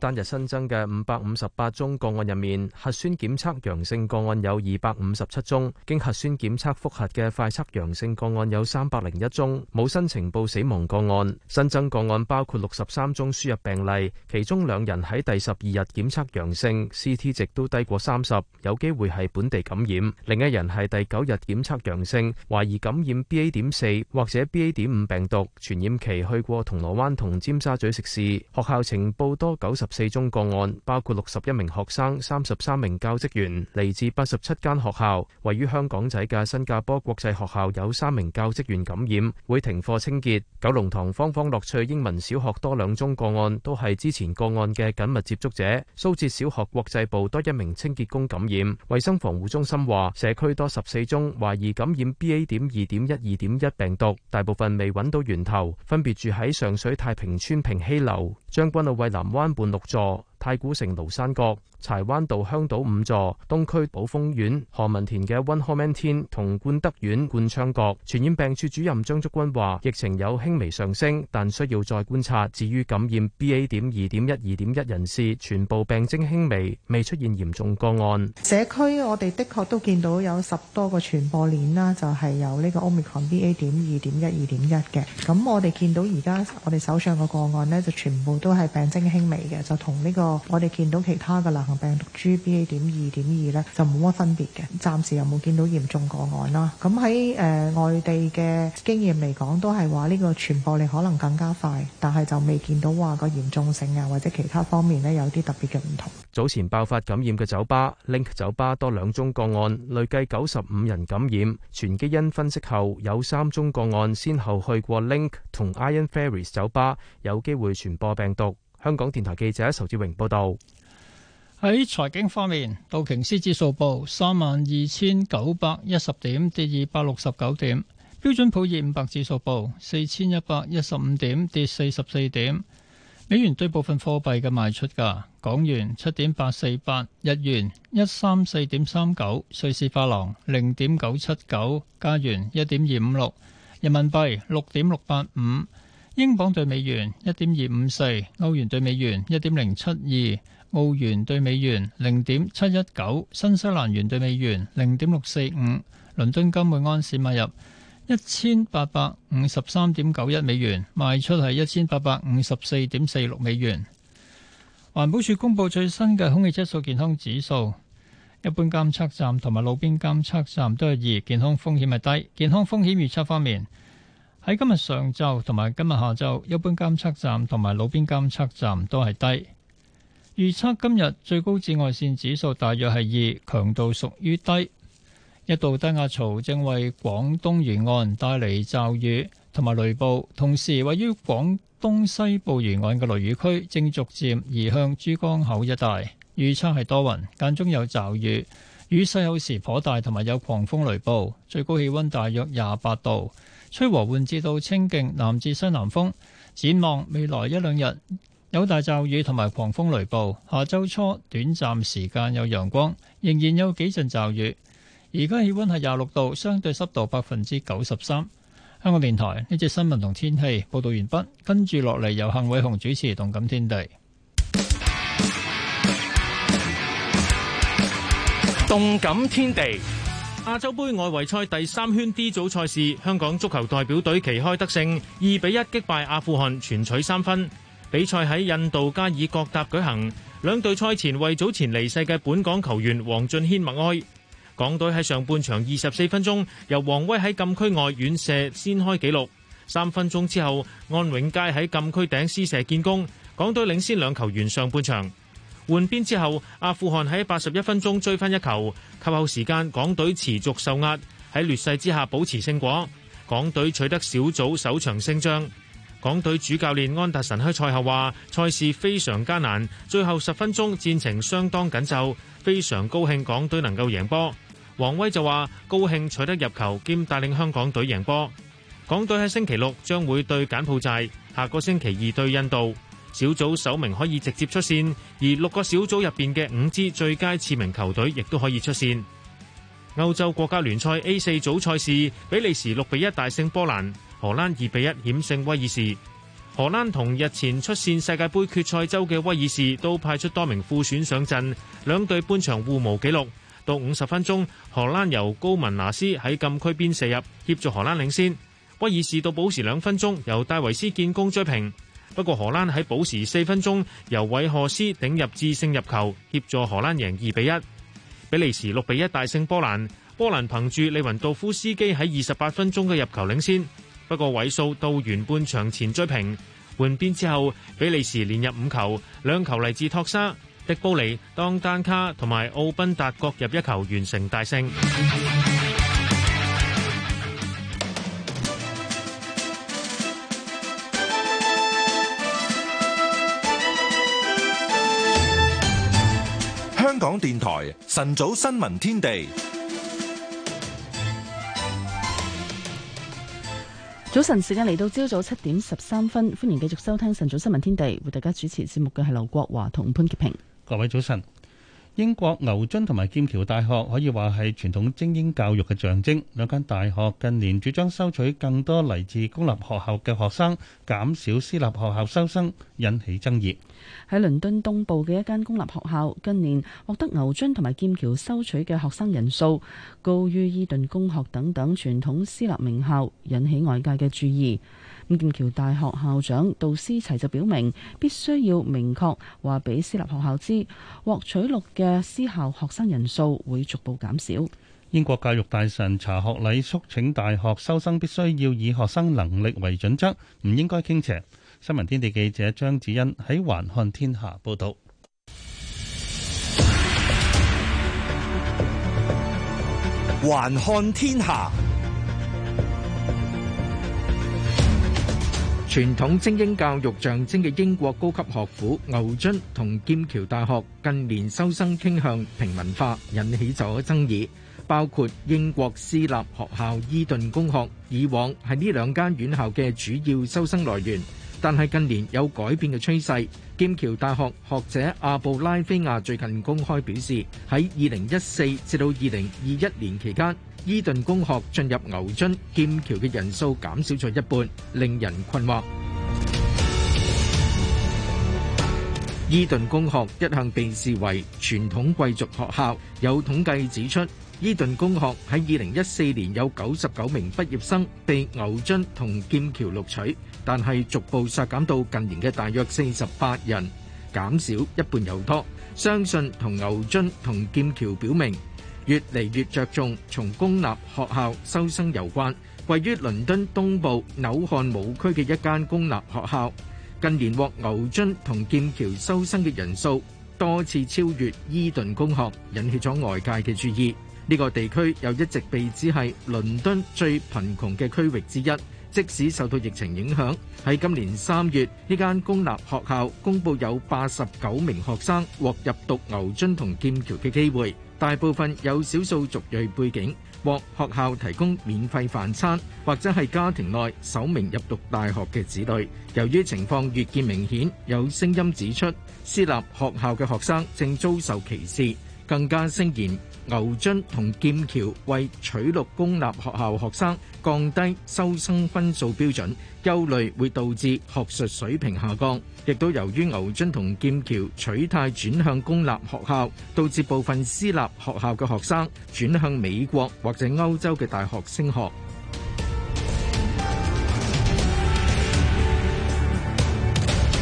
單日新增嘅五百五十八宗個案入面，核酸檢測陽性個案有二百五十七宗，經核酸檢測覆核嘅快測陽性個案有三百零一宗，冇新呈報死亡個案。新增個案包括六十三宗輸入病例，其中兩人喺第十二日檢測陽性，CT 值都低過三十，有機會係本地感染；另一人係第九日檢測陽性，懷疑感染 BA 點四或者 BA 點五病毒，傳染期去過銅鑼灣同尖沙咀食肆，學校呈報多九十。四宗個案，包括六十一名學生、三十三名教職員，嚟自八十七間學校，位於香港仔嘅新加坡國際學校有三名教職員感染，會停課清潔。九龍塘方方樂趣英文小學多兩宗個案，都係之前個案嘅緊密接觸者。蘇浙小學國際部多一名清潔工感染。衛生防護中心話，社區多十四宗懷疑感染 B A 點二點一二點一病毒，大部分未揾到源頭，分別住喺上水太平村平希樓，將軍澳蔚藍灣畔六座。太古城、廬山閣、柴灣道、香島五座、東區寶峰苑、何文田嘅 One Homantin 天同冠德苑、冠昌閣傳染病處主任張竹君話：疫情有輕微上升，但需要再觀察。至於感染 B A 點二點一、二點一人士，全部病徵輕微，未出現嚴重個案。社區我哋的確都見到有十多個傳播鏈啦，就係有呢個 Omicron B A 點二點一、二點一嘅。咁我哋見到而家我哋手上個個案呢，就全部都係病徵輕微嘅，就同呢個。我哋見到其他嘅流行病毒 BA. 點二點二咧，就冇乜分別嘅。暫時又冇見到嚴重個案啦。咁喺誒外地嘅經驗嚟講，都係話呢個傳播力可能更加快，但係就未見到話個嚴重性啊，或者其他方面呢，有啲特別嘅唔同。早前爆發感染嘅酒吧 Link 酒吧多兩宗個案，累計九十五人感染。全基因分析後，有三宗個案先後去過 Link 同 Iron Ferris 酒吧，有機會傳播病毒。香港電台記者仇志榮報道：喺財經方面，道瓊斯指數報三萬二千九百一十點，跌二百六十九點；標準普爾五百指數報四千一百一十五點，跌四十四點。美元兌部分貨幣嘅賣出價：港元七點八四八，日元一三四點三九，瑞士法郎零點九七九，加元一點二五六，人民幣六點六八五。英鎊兌美元一點二五四，歐元兌美元一點零七二，澳元兌美元零點七一九，新西蘭元兌美元零點六四五。倫敦金每安士買入一千八百五十三點九一美元，賣出係一千八百五十四點四六美元。環保署公布最新嘅空氣質素健康指數，一般監測站同埋路邊監測站都係二，健康風險係低。健康風險預測方面。喺今日上晝同埋今日下晝，一般監測站同埋路邊監測站都係低預測。預測今日最高紫外線指數大約係二，強度屬於低。一道低壓槽正為廣東沿岸帶嚟驟雨同埋雷暴，同時位於廣東西部沿岸嘅雷雨區正逐漸移向珠江口一帶。預測係多雲，間中有驟雨，雨勢有時頗大，同埋有狂風雷暴。最高氣温大約廿八度。吹和緩至到清勁南至西南風，展望未來一兩日有大驟雨同埋狂風雷暴，下周初短暫時間有陽光，仍然有幾陣驟雨。而家氣温係廿六度，相對濕度百分之九十三。香港電台呢隻新聞同天氣報道完畢，跟住落嚟由幸偉雄主持《動感天地》。《動感天地》亞洲杯外圍賽第三圈 D 組賽事，香港足球代表隊旗開得勝，二比一擊敗阿富汗，全取三分。比賽喺印度加爾各答舉行，兩隊賽前為早前離世嘅本港球員黃俊軒默哀。港隊喺上半場二十四分鐘，由王威喺禁區外遠射先開紀錄，三分鐘之後安永佳喺禁區頂施射建功，港隊領先兩球，完上半場。換邊之後，阿富汗喺八十一分鐘追翻一球。及後時間，港隊持續受壓，喺劣勢之下保持勝果。港隊取得小組首場勝仗。港隊主教練安達臣喺賽後話：賽事非常艱難，最後十分鐘戰情相當緊湊，非常高興港隊能夠贏波。王威就話：高興取得入球兼帶領香港隊贏波。港隊喺星期六將會對柬埔寨，下個星期二對印度。小組首名可以直接出線，而六個小組入邊嘅五支最佳次名球隊亦都可以出線。歐洲國家聯賽 A 四組賽事，比利時六比一大勝波蘭，荷蘭二比一險勝威爾士。荷蘭同日前出線世界盃決賽周嘅威爾士都派出多名副選上陣，兩隊半場互無紀錄。到五十分鐘，荷蘭由高文拿斯喺禁區邊射入，協助荷蘭領先。威爾士到補時兩分鐘，由戴維斯建功追平。不過荷蘭喺補時四分鐘由韋何斯頂入致勝入球，協助荷蘭贏二比一。比利時六比一大勝波蘭，波蘭憑住利雲道夫斯基喺二十八分鐘嘅入球領先，不過位數到完半場前追平換邊之後，比利時連入五球，兩球嚟自托沙、迪布尼、當丹卡同埋奧賓達各入一球，完成大勝。港電台晨早新聞天地，早晨時間嚟到朝早七點十三分，歡迎繼續收聽晨早新聞天地，為大家主持節目嘅係劉國華同潘潔平，各位早晨。英國牛津同埋劍橋大學可以話係傳統精英教育嘅象徵。兩間大學近年主張收取更多嚟自公立學校嘅學生，減少私立學校收生，引起爭議。喺倫敦東部嘅一間公立學校，近年獲得牛津同埋劍橋收取嘅學生人數，高於伊頓公學等等傳統私立名校，引起外界嘅注意。劍橋大學校長杜思齊就表明，必須要明確話俾私立學校知，獲取錄嘅私校學生人數會逐步減少。英國教育大臣查學禮促請大學收生必須要以學生能力為準則，唔應該傾斜。新聞天地記者張子欣喺環看天下報導。環看天下報導。傳統精英教育象徵嘅英國高級學府牛津同劍橋大學近年收生傾向平民化，引起咗爭議。包括英國私立學校伊頓公學，以往係呢兩間院校嘅主要收生來源，但係近年有改變嘅趨勢。劍橋大學學者阿布拉菲亞最近公開表示，喺2014至到2021年期間，伊頓公學進入牛津劍橋嘅人數減少咗一半，令人困惑。伊頓公學一向被視為傳統貴族學校，有統計指出，伊頓公學喺二零一四年有九十九名畢業生被牛津同劍橋錄取，但係逐步削減到近年嘅大約四十八人，減少一半有多。相信同牛津同劍橋表明。越嚟越著重從公立學校收生有關。位於倫敦東部紐漢姆區嘅一間公立學校，近年獲牛津同劍橋收生嘅人數多次超越伊頓公學，引起咗外界嘅注意。呢個地區又一直被指係倫敦最貧窮嘅區域之一。即使受到疫情影響，喺今年三月，呢間公立學校公布有八十九名學生獲入讀牛津同劍橋嘅機會。大部分有少數族裔背景，獲學校提供免費飯餐，或者係家庭內首名入讀大學嘅子女。由於情況越見明顯，有聲音指出私立學校嘅學生正遭受歧視，更加聲言牛津同劍橋為取錄公立學校學生降低收生分數標準憂慮會導致學術水平下降。亦都由於牛津同劍橋取態轉向公立學校，導致部分私立學校嘅學生轉向美國或者歐洲嘅大學升學。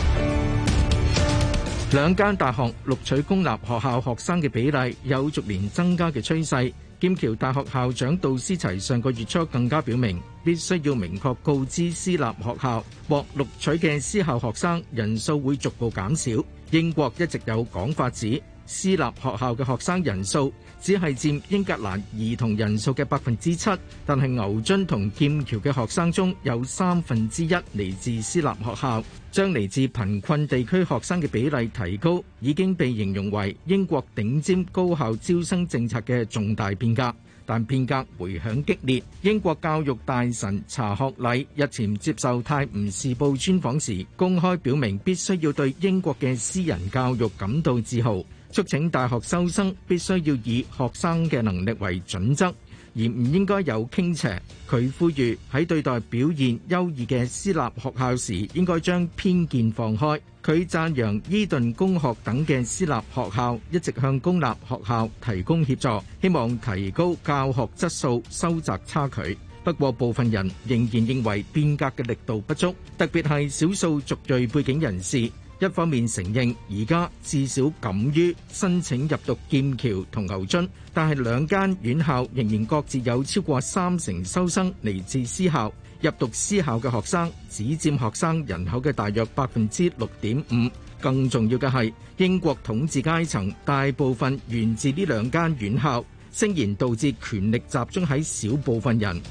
[music] 兩間大學錄取公立學校學生嘅比例有逐年增加嘅趨勢。劍橋大學校長杜思齊上個月初更加表明，必須要明確告知私立學校獲錄取嘅私校學生人數會逐步減少。英國一直有講法指，私立學校嘅學生人數只係佔英格蘭兒童人數嘅百分之七，但係牛津同劍橋嘅學生中有三分之一嚟自私立學校。將嚟自貧困地區學生嘅比例提高，已經被形容為英國頂尖高校招生政策嘅重大變革。但變革迴響激烈，英國教育大臣查學禮日前接受泰晤士報專訪時，公開表明必須要對英國嘅私人教育感到自豪。促請大學收生必須要以學生嘅能力為準則，而唔應該有傾斜。佢呼籲喺對待表現優異嘅私立學校時，應該將偏見放開。佢讚揚伊頓公學等嘅私立學校一直向公立學校提供協助，希望提高教學質素，收窄差距。不過，部分人仍然認為變革嘅力度不足，特別係少數族裔背景人士。一方面承認而家至少敢於申請入讀劍橋同牛津，但係兩間院校仍然各自有超過三成收生嚟自私校，入讀私校嘅學生只佔學生人口嘅大約百分之六點五。更重要嘅係，英國統治階層大部分源自呢兩間院校，聲言導致權力集中喺少部分人。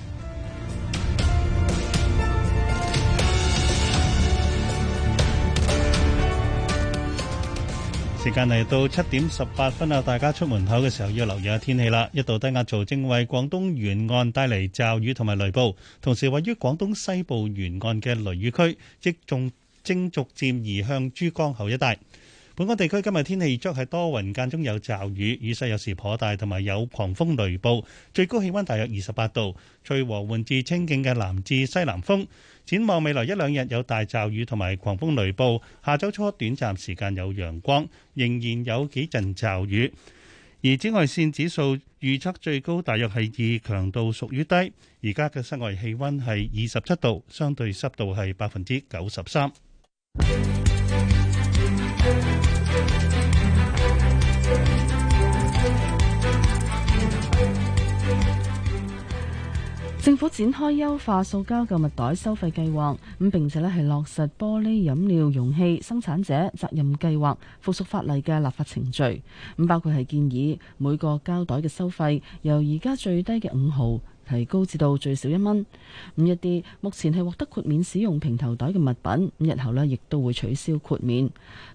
時間嚟到七點十八分啦，大家出門口嘅時候要留意下天氣啦。一道低壓槽正為廣東沿岸帶嚟驟雨同埋雷暴，同時位於廣東西部沿岸嘅雷雨區亦仲正逐漸移向珠江口一帶。本港地區今日天氣將係多雲間中有驟雨，雨勢有時頗大，同埋有狂風雷暴。最高氣溫大約二十八度，隨和緩至清勁嘅南至西南風。展望未來一兩日有大驟雨同埋狂風雷暴，下周初短暫時間有陽光，仍然有幾陣驟雨。而紫外線指數預測最高大約係二，強度屬於低。而家嘅室外氣温係二十七度，相對濕度係百分之九十三。政府展開優化塑膠購物袋收費計劃，咁並且呢係落實玻璃飲料容器生產者責任計劃附屬法例嘅立法程序，咁包括係建議每個膠袋嘅收費由而家最低嘅五毫提高至到，最少一蚊，咁一啲目前係獲得豁免使用平頭袋嘅物品，日後呢亦都會取消豁免。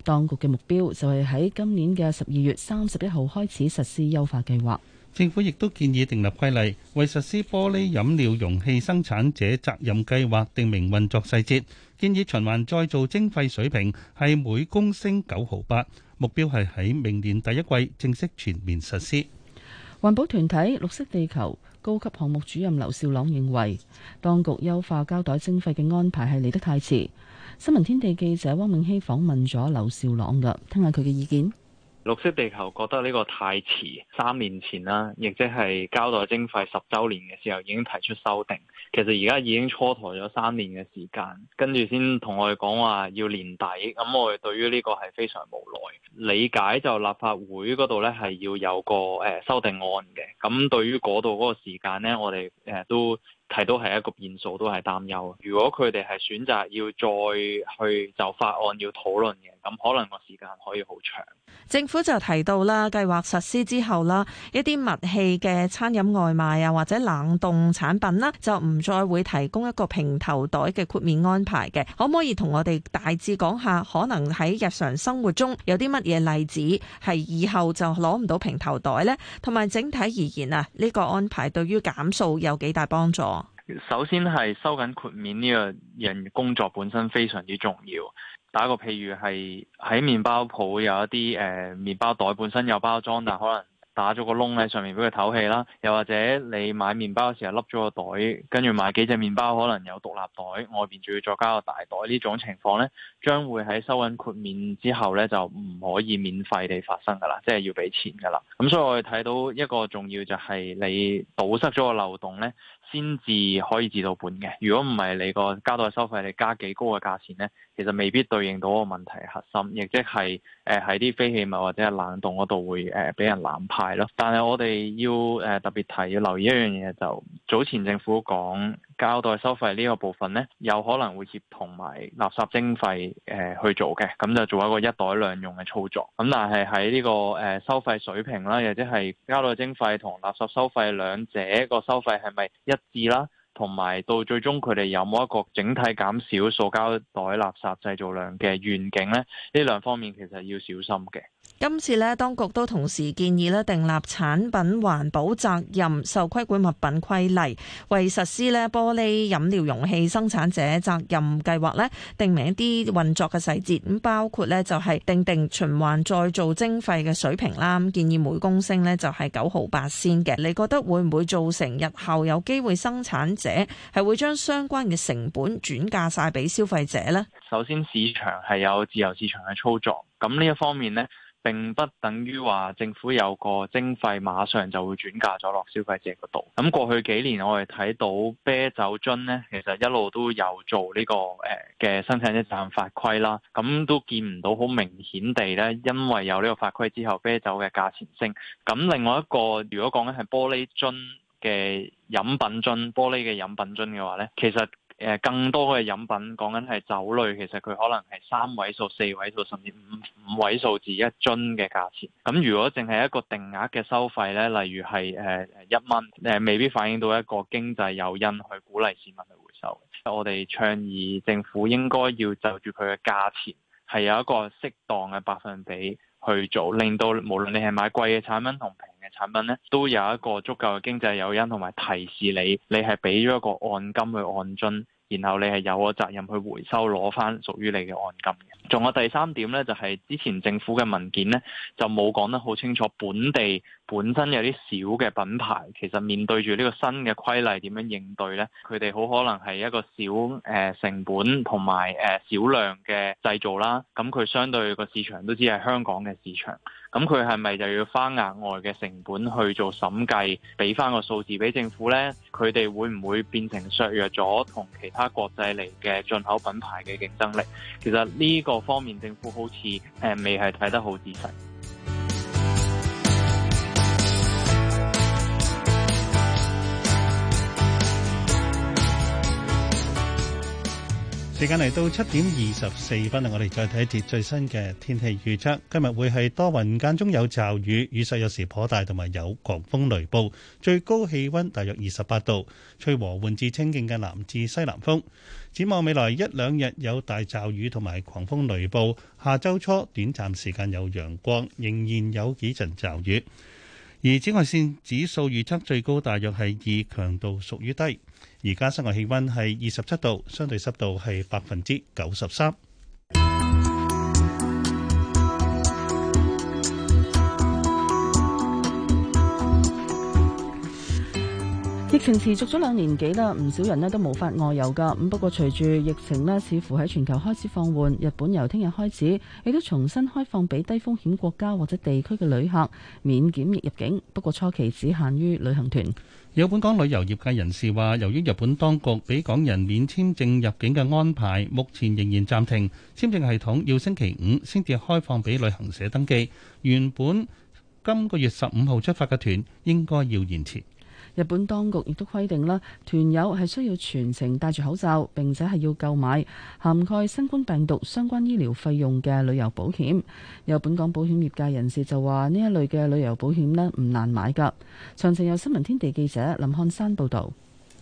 當局嘅目標就係喺今年嘅十二月三十一號開始實施優化計劃。政府亦都建議訂立規例，為實施玻璃飲料容器生產者責任計劃定明運作細節。建議循環再造徵費水平係每公升九毫八，目標係喺明年第一季正式全面實施。環保團體綠色地球高級項目主任劉少朗認為，當局優化膠袋徵費嘅安排係嚟得太遲。新聞天地記者汪永熙訪問咗劉少朗嘅，聽下佢嘅意見。綠色地球覺得呢個太遲，三年前啦，亦即係交代徵費十周年嘅時候已經提出修訂，其實而家已經蹉跎咗三年嘅時間，跟住先同我哋講話要年底，咁我哋對於呢個係非常無奈。理解就立法會嗰度呢係要有個誒修訂案嘅，咁對於嗰度嗰個時間呢，我哋誒都睇到係一個變數，都係擔憂。如果佢哋係選擇要再去就法案要討論嘅。咁可能個時間可以好長，政府就提到啦，計劃實施之後啦，一啲密氣嘅餐飲外賣啊，或者冷凍產品啦，就唔再會提供一個平頭袋嘅豁免安排嘅。可唔可以同我哋大致講下，可能喺日常生活中有啲乜嘢例子係以後就攞唔到平頭袋咧？同埋整體而言啊，呢個安排對於減數有幾大幫助？首先係收緊豁免呢個人工作本身非常之重要。打個譬如係喺麵包鋪有一啲誒、呃、麵包袋本身有包裝，但可能打咗個窿喺上面俾佢透氣啦。又或者你買麵包嘅時候笠咗個袋，跟住買幾隻麵包，可能有獨立袋，外邊仲要再加個大袋。呢種情況呢，將會喺收緊豁免之後呢，就唔可以免費地發生㗎啦，即係要畀錢㗎啦。咁所以我哋睇到一個重要就係你堵塞咗個漏洞呢。先至可以治到本嘅，如果唔係你個交代收費你加幾高嘅價錢咧，其實未必對應到個問題核心，亦即係誒喺啲廢棄物或者係冷凍嗰度會誒俾人冷派咯。但係我哋要誒特別提要留意一樣嘢，就早前政府講。膠袋收費呢個部分呢，有可能會協同埋垃圾徵費誒、呃、去做嘅，咁就做一個一袋兩用嘅操作。咁但係喺呢個誒、呃、收費水平啦，又即係膠袋徵費同垃圾收費兩者、嗰個收費係咪一致啦？同埋到最終佢哋有冇一個整體減少塑膠袋垃圾製造量嘅願景呢？呢兩方面其實要小心嘅。今次咧，當局都同時建議咧訂立產品環保責任受規管物品規例，為實施咧玻璃飲料容器生產者責任計劃咧，定明一啲運作嘅細節，咁包括咧就係、是、定定循環再造徵費嘅水平啦，建議每公升咧就係九毫八仙嘅。你覺得會唔會造成日後有機會生產者係會將相關嘅成本轉嫁晒俾消費者呢？首先市場係有自由市場嘅操作，咁呢一方面呢。並不等於話政府有個徵費，馬上就會轉嫁咗落消費者嗰度。咁過去幾年我哋睇到啤酒樽咧，其實一路都有做呢、這個誒嘅生產一產法規啦。咁都見唔到好明顯地咧，因為有呢個法規之後，啤酒嘅價錢升。咁另外一個，如果講緊係玻璃樽嘅飲品樽、玻璃嘅飲品樽嘅話咧，其實。誒更多嘅飲品，講緊係酒類，其實佢可能係三位數、四位數，甚至五五位數字一樽嘅價錢。咁如果淨係一個定額嘅收費咧，例如係誒誒一蚊，誒未必反映到一個經濟誘因去鼓勵市民去回收。我哋倡議政府應該要就住佢嘅價錢，係有一個適當嘅百分比。去做，令到無論你係買貴嘅產品同平嘅產品咧，都有一個足夠嘅經濟誘因同埋提示你，你係俾咗一個按金去按樽，然後你係有個責任去回收攞翻屬於你嘅按金嘅。仲有第三點咧，就係之前政府嘅文件咧，就冇講得好清楚本地。本身有啲小嘅品牌，其實面對住呢個新嘅規例，點樣應對咧？佢哋好可能係一個小誒、呃、成本同埋誒少量嘅製造啦。咁、嗯、佢相對個市場都只係香港嘅市場，咁佢係咪就要花額外嘅成本去做審計，俾翻個數字俾政府咧？佢哋會唔會變成削弱咗同其他國際嚟嘅進口品牌嘅競爭力？其實呢個方面，政府好似誒、呃、未係睇得好仔細。時間嚟到七點二十四分，我哋再睇一節最新嘅天氣預測。今日會係多雲間中有驟雨，雨勢有時頗大，同埋有狂風雷暴。最高氣溫大約二十八度，吹和緩至清勁嘅南至西南風。展望未來一兩日有大驟雨同埋狂風雷暴，下周初短暫時間有陽光，仍然有幾陣驟雨。而紫外線指數預測最高大約係二，強度屬於低。而家室外氣溫係二十七度，相對濕度係百分之九十三。疫情持續咗兩年幾啦，唔少人呢都無法外遊噶。咁不過隨，隨住疫情呢，似乎喺全球開始放緩。日本由聽日開始，亦都重新開放俾低風險國家或者地區嘅旅客免檢疫入境。不過初期只限於旅行團。有本港旅遊業界人士話，由於日本當局俾港人免簽證入境的安排目前仍然暫停，簽證系統要星期五先至開放俾旅行社登記，原本今個月15號出發嘅團應該要延遲。日本當局亦都規定啦，團友係需要全程戴住口罩，並且係要購買涵蓋新冠病毒相關醫療費用嘅旅遊保險。有本港保險業界人士就話：呢一類嘅旅遊保險呢唔難買㗎。詳情由新聞天地記者林漢山報道。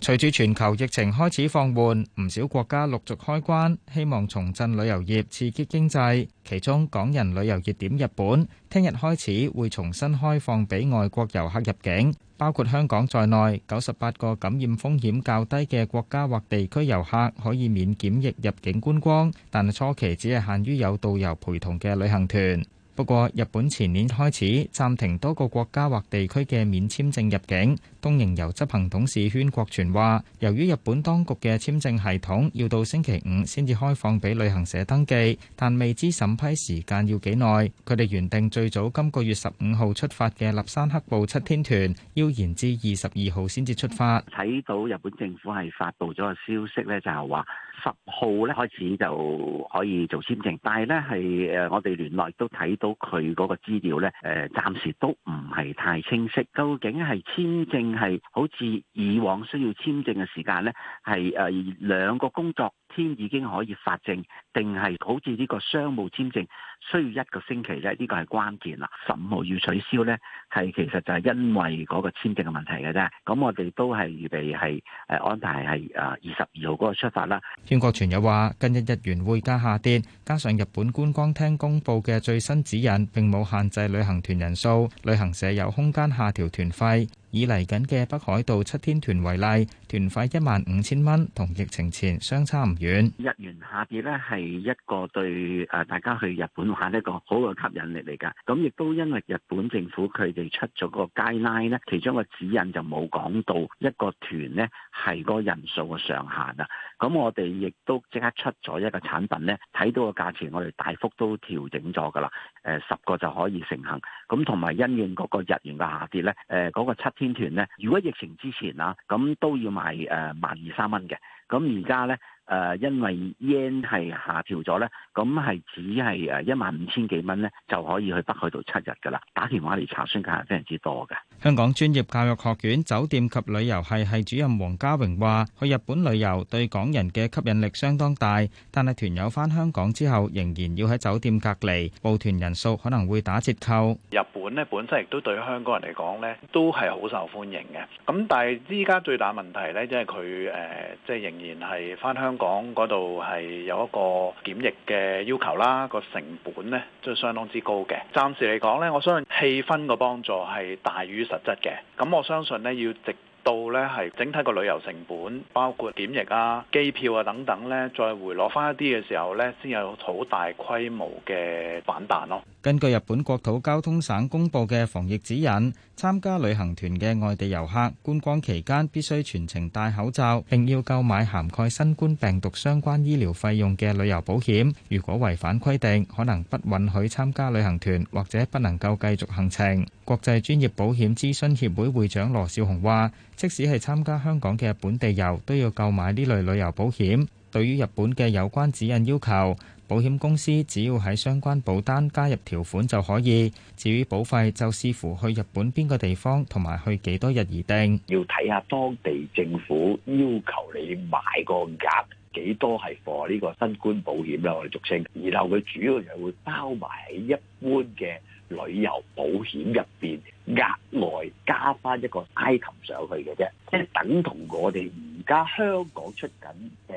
隨住全球疫情開始放緩，唔少國家陸續開關，希望重振旅遊業，刺激經濟。其中，港人旅遊熱點日本，聽日開始會重新開放俾外國遊客入境，包括香港在內，九十八個感染風險較低嘅國家或地區遊客可以免檢疫入境觀光，但係初期只係限於有導遊陪同嘅旅行團。不過日本前年開始暫停多個國家或地區嘅免簽證入境，東瀛遊執行董事禤國全話，由於日本當局嘅簽證系統要到星期五先至開放俾旅行社登記，但未知審批時間要幾耐。佢哋原定最早今個月十五號出發嘅立山黑部七天團要延至二十二號先至出發。睇到日本政府係發布咗個消息呢，就係話十號呢，開始就可以做簽證，但係呢係我哋聯絡都睇到佢嗰個資料咧，誒，暫時都唔係太清晰，究竟係簽證，係好似以往需要簽證嘅時間咧，係誒兩個工作。天已經可以發證，定係好似呢個商務簽證需要一個星期咧？呢個係關鍵啦。十五號要取消呢，係其實就係因為嗰個簽證嘅問題嘅啫。咁我哋都係預備係誒安排係誒二十二號嗰個出發啦。英國全又話，近日日元匯價下跌，加上日本觀光廳公布嘅最新指引並冇限制旅行團人數，旅行社有空間下調團費。以嚟緊嘅北海道七天團為例，團費一萬五千蚊，同疫情前相差唔遠。日元下跌呢係一個對誒大家去日本玩一個好嘅吸引力嚟㗎。咁亦都因為日本政府佢哋出咗個街拉呢，其中個指引就冇講到一個團呢係個人數嘅上限啊。咁我哋亦都即刻出咗一個產品呢，睇到個價錢我哋大幅都調整咗㗎啦。誒十個就可以成行。咁同埋因應嗰個日元嘅下跌呢，誒、那、嗰個七天團咧，如果疫情之前啊，咁都要賣誒萬二三蚊嘅，咁而家咧。1, 2, 誒，因為 yen 係下調咗咧，咁係只係誒一萬五千幾蚊咧，就可以去北海道七日㗎啦。打電話嚟查詢價係非常之多嘅。香港專業教育學院酒店及旅遊係係主任黃家榮話，去日本旅遊對港人嘅吸引力相當大，但係團友翻香港之後，仍然要喺酒店隔離。報團人數可能會打折扣。日本咧本身亦都對香港人嚟講咧，都係好受歡迎嘅。咁但係依家最大問題咧，即係佢誒，即係仍然係翻香港。港嗰度係有一個檢疫嘅要求啦，個成本咧都相當之高嘅。暫時嚟講咧，我相信氣氛個幫助係大於實質嘅。咁我相信咧，要直到咧係整體個旅遊成本，包括檢疫啊、機票啊等等咧，再回落翻一啲嘅時候咧，先有好大規模嘅反彈咯。根據日本國土交通省公佈嘅防疫指引。參加旅行團嘅外地遊客，觀光期間必須全程戴口罩，並要購買涵蓋新冠病毒相關醫療費用嘅旅遊保險。如果違反規定，可能不允許參加旅行團，或者不能夠繼續行程。國際專業保險諮詢協會會長羅少雄話，即使係參加香港嘅本地遊，都要購買呢類旅遊保險。對於日本嘅有關指引要求。保險公司只要喺相關保單加入條款就可以。至於保費，就視乎去日本邊個地方同埋去幾多日而定，要睇下當地政府要求你買個額幾多係貨呢個新冠保險啦。我哋俗稱，然後佢主要就會包埋喺一般嘅旅遊保險入邊額外加翻一個 item 上去嘅啫，即係等同我哋而家香港出緊嘅。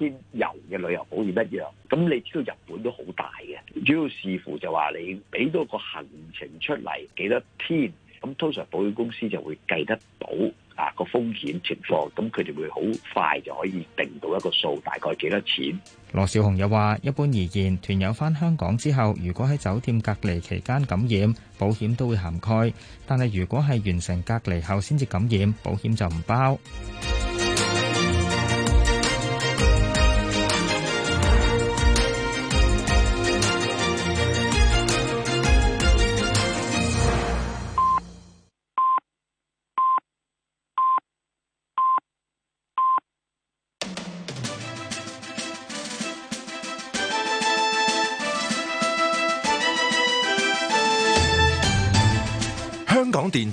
天遊嘅旅遊保險一樣，咁你知道日本都好大嘅，主要視乎就話你俾多個行程出嚟幾多天，咁通常保險公司就會計得到啊個風險情況，咁佢哋會好快就可以定到一個數，大概幾多錢。羅少雄又話：一般而言，團友返香港之後，如果喺酒店隔離期間感染，保險都會涵蓋，但係如果係完成隔離後先至感染，保險就唔包。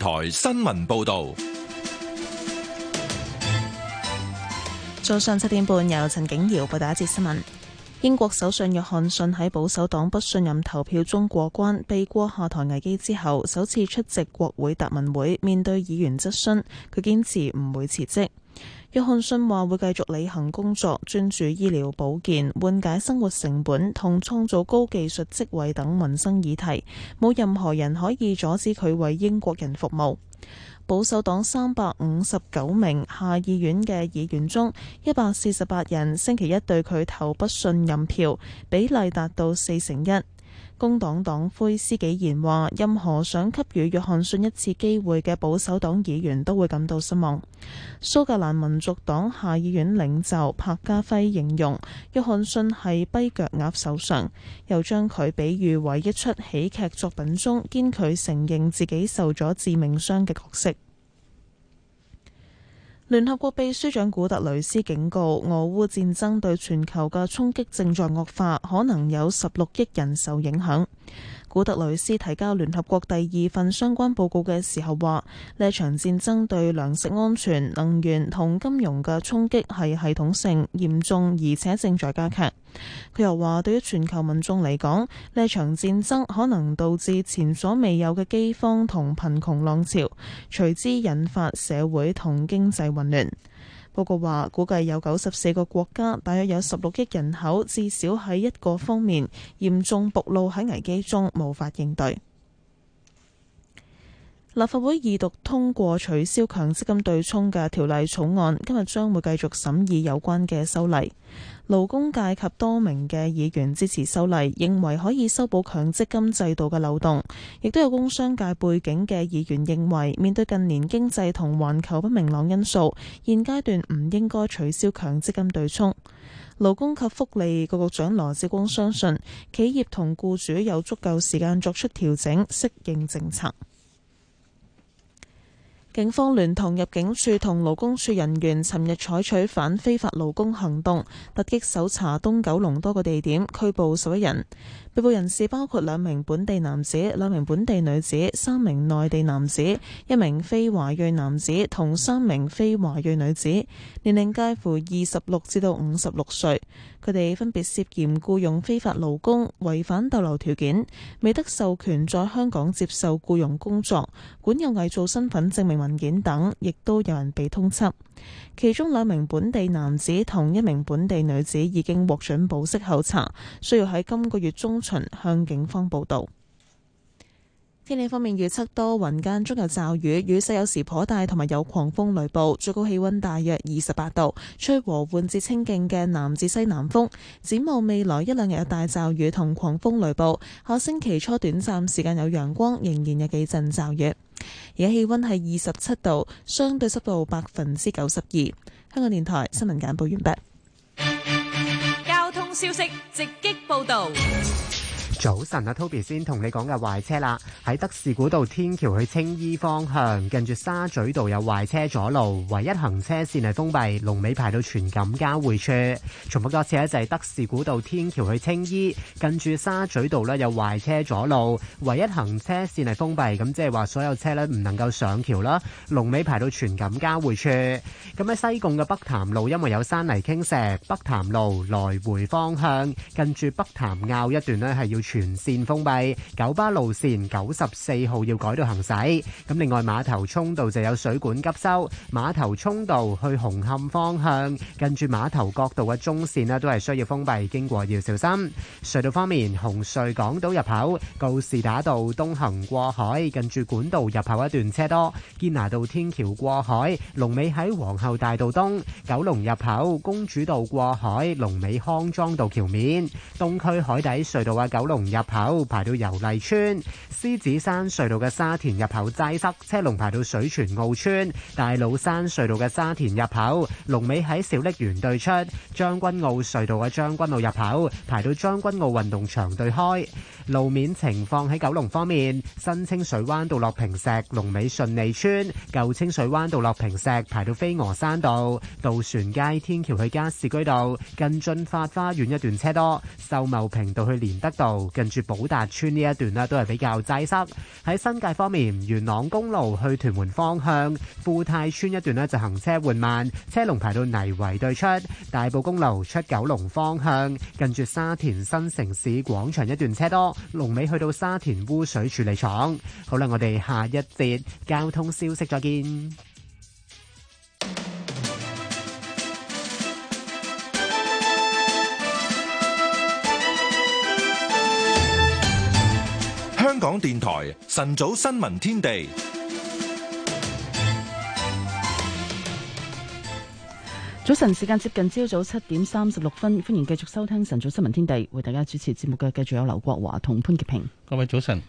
台新聞報道，早上七點半由陳景堯報第一節新聞。英國首相約翰遜喺保守黨不信任投票中過關，避過下台危機之後，首次出席國會答問會，面對議員質詢，佢堅持唔會辭職。約翰遜話會繼續履行工作，專注醫療保健、緩解生活成本同創造高技術職位等民生議題。冇任何人可以阻止佢為英國人服務。保守黨三百五十九名下議院嘅議員中，一百四十八人星期一對佢投不信任票，比例達到四成一。工黨黨魁施紀賢，話任何想給予約翰遜一次機會嘅保守黨議員都會感到失望。蘇格蘭民族黨下議院領袖柏嘉輝形容約翰遜係跛腳鴨首相，又將佢比喻為一出喜劇作品中堅拒承認自己受咗致命傷嘅角色。聯合國秘書長古特雷斯警告，俄烏戰爭對全球嘅衝擊正在惡化，可能有十六億人受影響。古特雷斯提交聯合國第二份相關報告嘅時候話，呢場戰爭對糧食安全、能源同金融嘅衝擊係系統性嚴重，而且正在加劇。佢又話，對於全球民眾嚟講，呢場戰爭可能導致前所未有嘅饑荒同貧窮浪潮，隨之引發社會同經濟混亂。報告話，估計有九十四個國家，大約有十六億人口，至少喺一個方面嚴重暴露喺危機中，無法應對。立法會二讀通過取消強積金對沖嘅條例草案，今日將會繼續審議有關嘅修例。勞工界及多名嘅議員支持修例，認為可以修補強積金制度嘅漏洞。亦都有工商界背景嘅議員認為，面對近年經濟同環球不明朗因素，現階段唔應該取消強積金對沖。勞工及福利局局長羅志光相信，企業同僱主有足夠時間作出調整，適應政策。警方聯同入境處同勞工處人員，尋日採取反非法勞工行動，突擊搜查東九龍多個地點，拘捕十一人。被捕人士包括兩名本地男子、兩名本地女子、三名內地男子、一名非華裔男子同三名非華裔女子，年齡介乎二十六至到五十六歲，佢哋分別涉嫌僱傭非法勞工、違反逗留條件、未得授權在香港接受僱傭工作、管有偽造身份證明文件等，亦都有人被通緝。其中兩名本地男子同一名本地女子已經獲准保釋候查，需要喺今個月中旬向警方報到。天氣方面預測多雲間中有驟雨，雨勢有時頗大，同埋有狂風雷暴，最高氣溫大約二十八度，吹和緩至清勁嘅南至西南風。展望未來一兩日有大驟雨同狂風雷暴，下星期初短暫時間有陽光，仍然有幾陣驟雨。而家氣溫係二十七度，相對濕度百分之九十二。香港電台新聞簡報完畢。交通消息直擊報道。早晨啊，Toby 先同你講嘅壞車啦，喺德士古道天橋去青衣方向，近住沙咀道有壞車阻路，唯一行車線係封閉，龍尾排到荃錦交匯處。重複多次呢就係德士古道天橋去青衣，近住沙咀道呢有壞車阻路，唯一行車線係封閉，咁即係話所有車呢唔能夠上橋啦，龍尾排到荃錦交匯處。咁喺西貢嘅北潭路，因為有山泥傾瀉，北潭路來回方向，近住北潭坳一段呢係要。全線封閉，九巴路線九十四號要改道行駛，咁另外碼頭涌道就有水管急修，碼頭涌道去紅磡方向，跟住碼頭角道嘅中綫都係需要封閉，經過要小心。隧道方面，紅隧港島入口，告士打道東行過海，跟住管道入口一段車多，堅拿道天橋過海，龍尾喺皇后大道東，九龍入口，公主道過海，龍尾康莊道橋面，東區海底隧道啊九龍入口排到油麗村，獅子山隧道嘅沙田入口擠塞，車龍排到水泉澳村；大老山隧道嘅沙田入口，龍尾喺小瀝源對出；將軍澳隧道嘅將軍澳入口排到將軍澳運動場對開。路面情況喺九龍方面，新清水灣道落坪石，龍尾順利村；舊清水灣道落坪石，排到飛鵝山道；渡船街天橋去加士居道近駿發花園一段車多；秀茂坪道去連德道。近住寶達村呢一段呢，都係比較擠塞。喺新界方面，元朗公路去屯門方向，富泰村一段呢就行車緩慢，車龍排到泥圍對出，大埔公路出九龍方向，近住沙田新城市廣場一段車多，龍尾去到沙田污水處理廠。好啦，我哋下一節交通消息再見。香港電台晨早新聞天地，早晨時間接近朝早七點三十六分，歡迎繼續收聽晨早新聞天地，為大家主持節目嘅繼續有劉國華同潘潔平。各位早晨，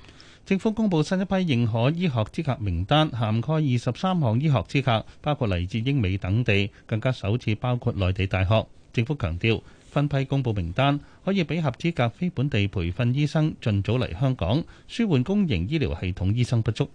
政府公布新一批認可醫學資格名單，涵蓋二十三項醫學資格，包括嚟自英美等地，更加首次包括內地大學。政府強調。分批公布名單，可以俾合資格非本地培訓醫生盡早嚟香港，舒緩公營醫療系統醫生不足。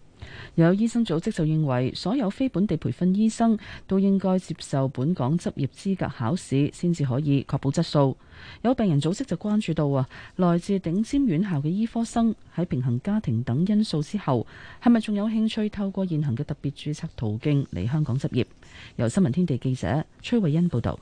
有醫生組織就認為，所有非本地培訓醫生都應該接受本港執業資格考試，先至可以確保質素。有病人組織就關注到啊，來自頂尖院校嘅醫科生喺平衡家庭等因素之後，係咪仲有興趣透過現行嘅特別註冊途徑嚟香港執業？由新聞天地記者崔慧欣報道。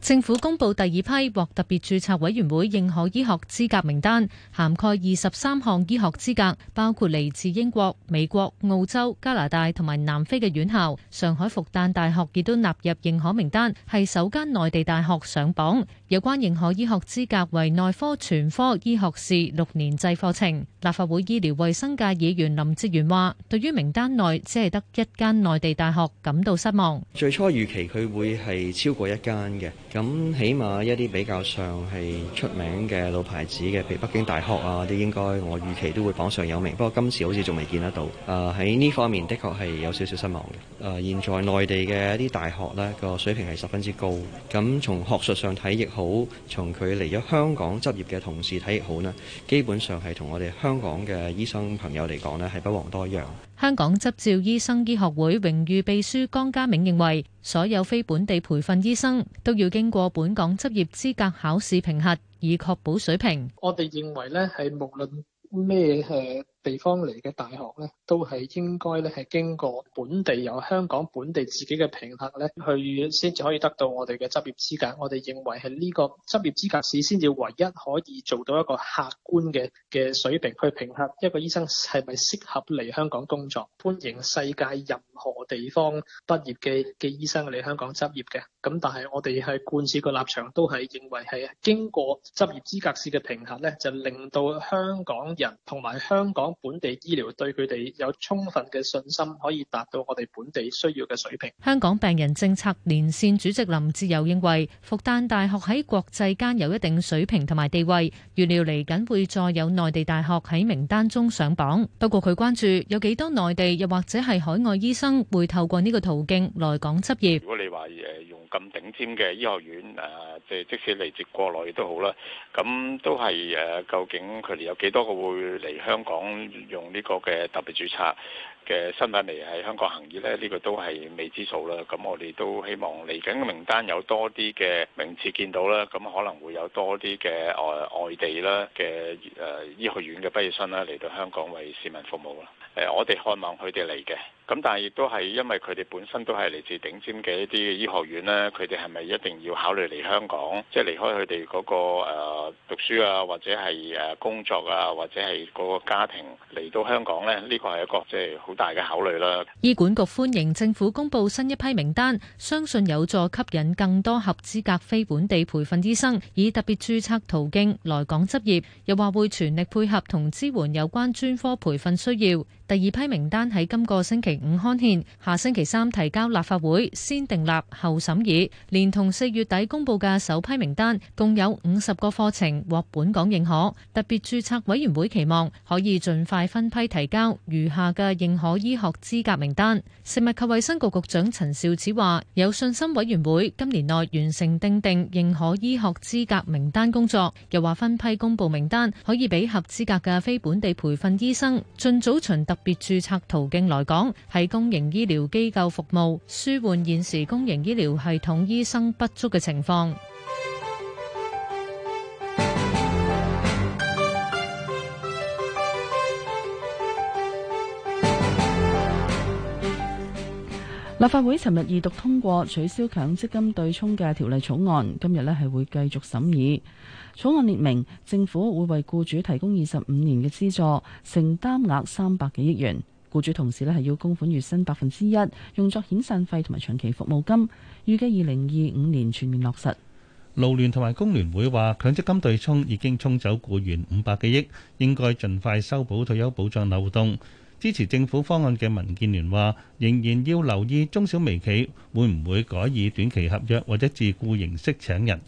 政府公布第二批獲特別註冊委員會認可醫學資格名單，涵蓋二十三項醫學資格，包括嚟自英國、美國、澳洲、加拿大同埋南非嘅院校。上海復旦大學亦都納入認可名單，係首間內地大學上榜。有關認可醫學資格為內科、全科醫學士六年制課程。立法會醫療衛生界議員林志源話，對於名單內只係得一間內地大學感到失望。最初預期佢會係超過一間嘅。咁起碼一啲比較上係出名嘅老牌子嘅，譬如北京大學啊，啲應該我預期都會榜上有名。不過今次好似仲未見得到。誒，喺呢方面，的確係有少少失望嘅。誒、呃、現在內地嘅一啲大學呢，個水平係十分之高。咁從學術上睇亦好，從佢嚟咗香港執業嘅同事睇亦好呢，基本上係同我哋香港嘅醫生朋友嚟講呢，係不遑多讓。香港執照醫生醫學會榮譽秘書江家明認為，所有非本地培訓醫生都要經過本港執業資格考試評核，以確保水平。我哋認為咧，係無論咩嘢地方嚟嘅大學咧，都係應該咧係經過本地由香港本地自己嘅評核咧，去先至可以得到我哋嘅執業資格。我哋認為係呢個執業資格試先至唯一可以做到一個客觀嘅嘅水平去評核一個醫生係咪適合嚟香港工作。歡迎世界任何地方畢業嘅嘅醫生嚟香港執業嘅。咁但係我哋係貫徹個立場，都係認為係經過執業資格試嘅評核咧，就令到香港人同埋香港。本地醫療對佢哋有充分嘅信心，可以達到我哋本地需要嘅水平。香港病人政策連線主席林志友認為，復旦大學喺國際間有一定水平同埋地位，預料嚟緊會再有內地大學喺名單中上榜。不過佢關注有幾多內地又或者係海外醫生會透過呢個途徑來港執業。如果你話誒用咁頂尖嘅醫學院誒，即係即使嚟自國內亦都好啦，咁都係誒，究竟佢哋有幾多個會嚟香港？用呢個嘅特別註冊嘅身份嚟喺香港行醫咧，呢、呢個都係未知數啦。咁我哋都希望嚟緊嘅名單有多啲嘅名次見到啦，咁可能會有多啲嘅外外地啦嘅誒醫學院嘅畢業生啦嚟到香港為市民服務啦。誒，我哋看望佢哋嚟嘅，咁但係亦都係因為佢哋本身都係嚟自頂尖嘅一啲醫學院咧，佢哋係咪一定要考慮嚟香港，即係離開佢哋嗰個誒讀書啊，或者係誒工作啊，或者係嗰個家庭嚟到香港咧？呢個係一個即係好大嘅考慮啦。醫管局歡迎政府公布新一批名單，相信有助吸引更多合資格非本地培訓醫生以特別註冊途徑來港執業，又話會全力配合同支援有關專科培訓需要。第二批名單喺今個星期五刊憲，下星期三提交立法會先訂立後審議，連同四月底公布嘅首批名單共有五十個課程獲本港認可。特別註冊委員會期望可以盡快分批提交餘下嘅認可醫學資格名單，食物及衛生局局長陳肇始話有信心委員會今年內完成訂定認可醫學資格名單工作。又話分批公布名單可以俾合資格嘅非本地培訓醫生，盡早循特別註冊途徑來講，係公營醫療機構服務，舒緩現時公營醫療系統醫生不足嘅情況。立法會尋日二讀通過取消強積金對沖嘅條例草案，今日呢係會繼續審議。草案列明政府會為雇主提供二十五年嘅資助，承擔額三百幾億元。雇主同時呢係要供款月薪百分之一，用作遣散費同埋長期服務金。預計二零二五年全面落實。勞聯同埋工聯會話，強積金對沖已經沖走雇員五百幾億，應該盡快修補退休保，保障漏洞。支持政府方案嘅民建聯話，仍然要留意中小微企會唔會改以短期合約或者自僱形式請人。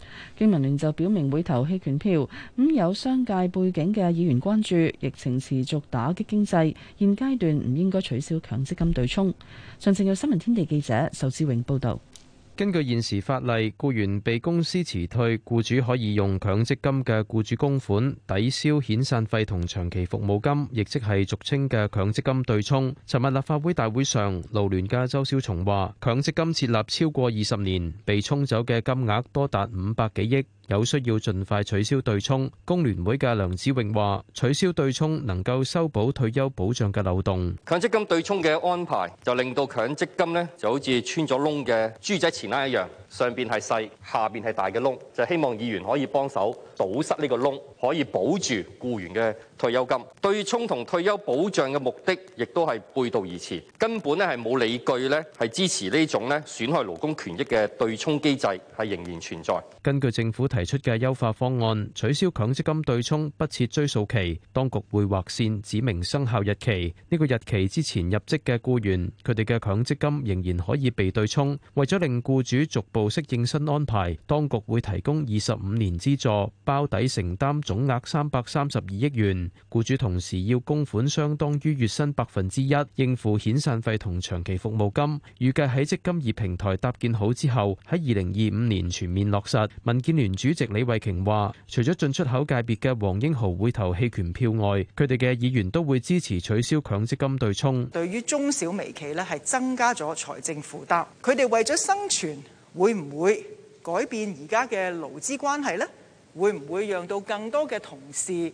根據現時法例，僱員被公司辭退，僱主可以用強積金嘅僱主公款抵消遣散費同長期服務金，亦即係俗稱嘅強積金對沖。尋日立法會大會上，勞聯嘅周少松話：強積金設立超過二十年，被沖走嘅金額多達五百幾億。有需要盡快取消對沖,工聯會嘅梁子穎話,取消對沖能夠修補退休保障嘅漏洞。強積金對沖嘅安排就令到強積金呢,就好似穿咗窿嘅豬仔前欄一樣,上邊係細,下邊係大嘅窿,就希望議員可以幫手堵塞呢個窿,可以保住僱員嘅。退休金對沖同退休保障嘅目的，亦都係背道而馳，根本咧係冇理據呢係支持呢種咧損害勞工權益嘅對沖機制係仍然存在。根據政府提出嘅優化方案，取消強積金對沖不設追溯期，當局會劃線指明生效日期。呢個日期之前入職嘅雇員，佢哋嘅強積金仍然可以被對沖。為咗令雇主逐步適應新安排，當局會提供二十五年資助，包底承擔總額三百三十二億元。僱主同時要供款，相當於月薪百分之一，應付遣散費同長期服務金。預計喺積金業平台搭建好之後，喺二零二五年全面落實。民建聯主席李慧瓊話，除咗進出口界別嘅黃英豪會投棄權票外，佢哋嘅議員都會支持取消強積金對沖。對於中小微企呢，係增加咗財政負擔，佢哋為咗生存，會唔會改變而家嘅勞資關係呢？會唔會讓到更多嘅同事？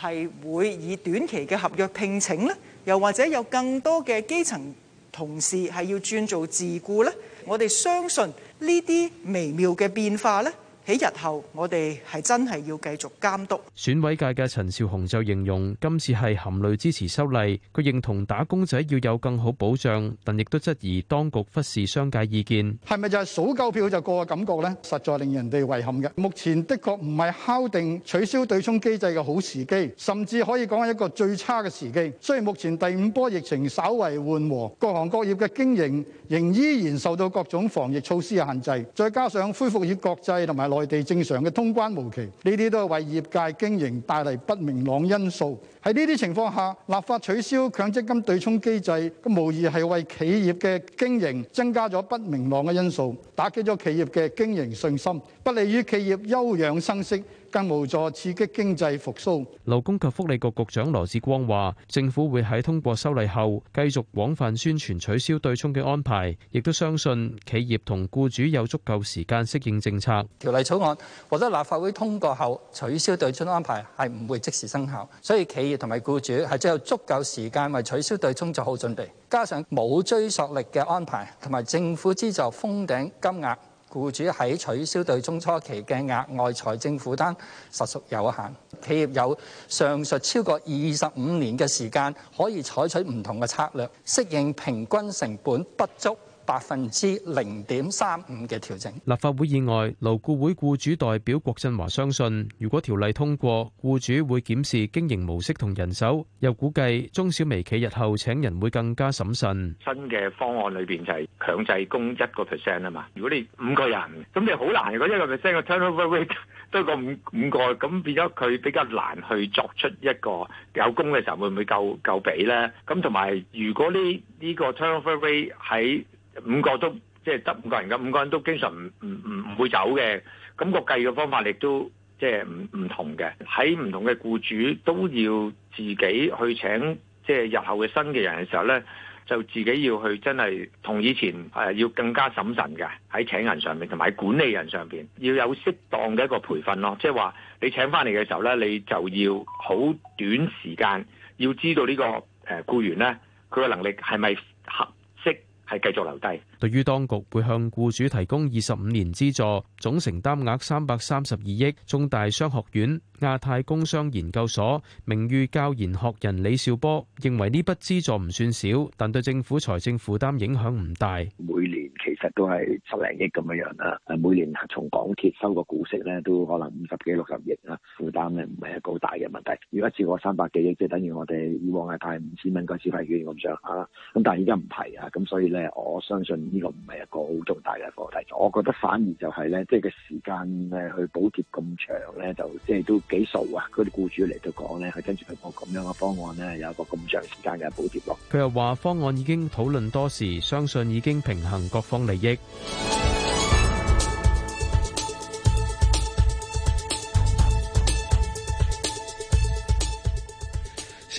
係會以短期嘅合約聘請咧，又或者有更多嘅基層同事係要轉做自雇呢，我哋相信呢啲微妙嘅變化咧。幾日後，我哋係真係要繼續監督。選委界嘅陳少雄就形容今次係含淚支持修例。佢認同打工仔要有更好保障，但亦都質疑當局忽視商界意見，係咪就係數夠票就過嘅感覺咧？實在令人哋遺憾嘅。目前的確唔係敲定取消對沖機制嘅好時機，甚至可以講係一個最差嘅時機，雖然目前第五波疫情稍為緩和，各行各業嘅經營仍依然受到各種防疫措施嘅限制，再加上恢復與國際同埋內內地正常嘅通關無期，呢啲都係為業界經營帶嚟不明朗因素。喺呢啲情況下，立法取消強積金對沖機制，無疑係為企業嘅經營增加咗不明朗嘅因素，打擊咗企業嘅經營信心，不利於企業休養生息。更無助刺激經濟復甦。勞工及福利局局長羅致光話，政府會喺通過修例後，繼續廣泛宣傳取消對沖嘅安排，亦都相信企業同僱主有足夠時間適應政策。條例草案獲得立法會通過後，取消對沖安排係唔會即時生效，所以企業同埋僱主係只有足夠時間為取消對沖做好準備。加上冇追溯力嘅安排，同埋政府資助封頂金額。僱主喺取消對中初期嘅額外財政負擔實屬有限，企業有上述超過二十五年嘅時間，可以採取唔同嘅策略，適應平均成本不足。百分之零點三五嘅調整。立法會以外，勞顧會僱主代表郭振華相信，如果條例通過，僱主會檢視經營模式同人手。又估計中小微企日後請人會更加審慎。新嘅方案裏邊就係強制供一個 percent 啊嘛。如果你五個人，咁你好難如果一個 percent 嘅 turnover rate 都係個五五個，咁變咗佢比較難去作出一個有供嘅時候會唔會夠夠俾咧？咁同埋如果呢呢個 turnover rate 喺五個都即係得五個人咁，五個人都經常唔唔唔唔會走嘅，咁個計嘅方法亦都即係唔唔同嘅。喺唔同嘅僱主都要自己去請，即係日後嘅新嘅人嘅時候咧，就自己要去真係同以前誒、呃、要更加審慎嘅喺請人上面同埋管理人上邊要有適當嘅一個培訓咯。即係話你請返嚟嘅時候咧，你就要好短時間要知道、這個呃、雇呢個誒僱員咧佢嘅能力係咪合？係繼續留低。對於當局會向僱主提供二十五年資助，總承擔額三百三十二億，中大商學院、亞太工商研究所、名譽教研學人李兆波認為呢筆資助唔算少，但對政府財政負擔影響唔大。每年其實都係十零億咁樣樣啦，每年從港鐵收個股息呢，都可能五十幾六十億啦，負擔呢唔係一個好大嘅問題。如果一次過三百幾億，即係等於我哋以往係派五千蚊個消費券咁上下啦，咁但係而家唔係啊，咁所以呢，我相信。呢個唔係一個好重大嘅課題，我覺得反而就係咧，即係個時間咧去補貼咁長咧，就即係都幾傻啊！嗰啲僱主嚟到講咧，佢跟住佢個咁樣嘅方案咧，有一個咁長時間嘅補貼咯。佢又話方案已經討論多時，相信已經平衡各方利益。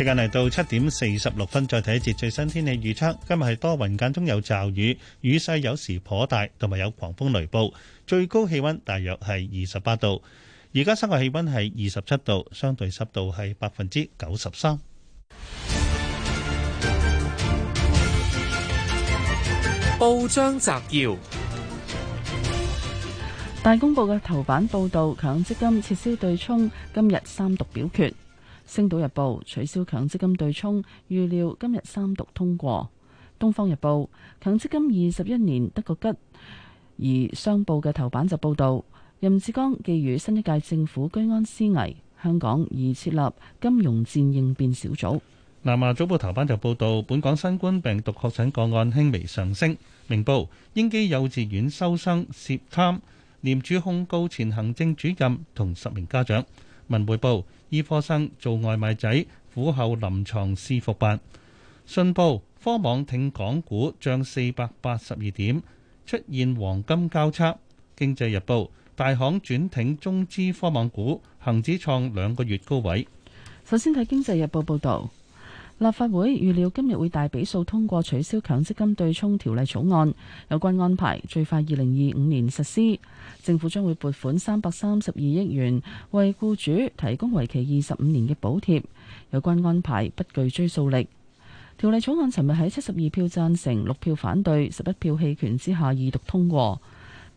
時間嚟到七點四十六分，再睇一節最新天氣預測。今日係多雲間中有驟雨，雨勢有時頗大，同埋有狂風雷暴。最高氣溫大約係二十八度，而家室外氣溫係二十七度，相對濕度係百分之九十三。報章摘要，大公報嘅頭版報道，強積金撤銷對沖，今日三讀表決。《星島日報》取消強積金對沖，預料今日三讀通過。《東方日報》強積金二十一年得個吉。而商報嘅頭版就報道，任志剛寄予新一屆政府居安思危，香港而設立金融戰應變小組。《南華早報》頭版就報道，本港新冠病毒確診個案輕微上升。明報英基幼稚園收生涉貪，廉署控告前行政主任同十名家長。文匯報：醫科生做外賣仔，苦後臨牀試服辦。信報：科網挺港股漲四百八十二點，出現黃金交叉。經濟日報：大行轉挺中資科網股，恒指創兩個月高位。首先睇經濟日報報道。立法會預料今日會大比數通過取消強積金對沖條例草案，有關安排最快二零二五年實施。政府將會撥款三百三十二億元為雇主提供為期二十五年嘅補貼，有關安排不具追溯力。條例草案尋日喺七十二票贊成、六票反對、十一票棄權之下二讀通過。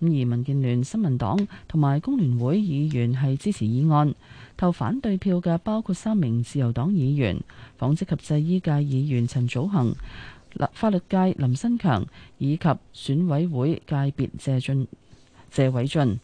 而民建聯、新民黨同埋工聯會議員係支持議案，投反對票嘅包括三名自由黨議員、紡織及製衣界議員陳祖恒、法律界林新強以及選委會界別謝進謝偉俊。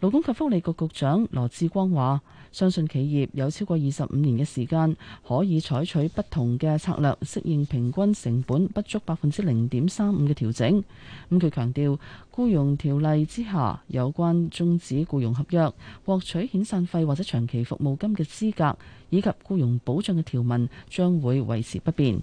勞工及福利局局，局長羅志光話。相信企業有超過二十五年嘅時間，可以採取不同嘅策略適應平均成本不足百分之零點三五嘅調整。咁佢強調，僱傭條例之下有關終止僱傭合約、獲取遣散費或者長期服務金嘅資格，以及僱傭保障嘅條文，將會維持不變。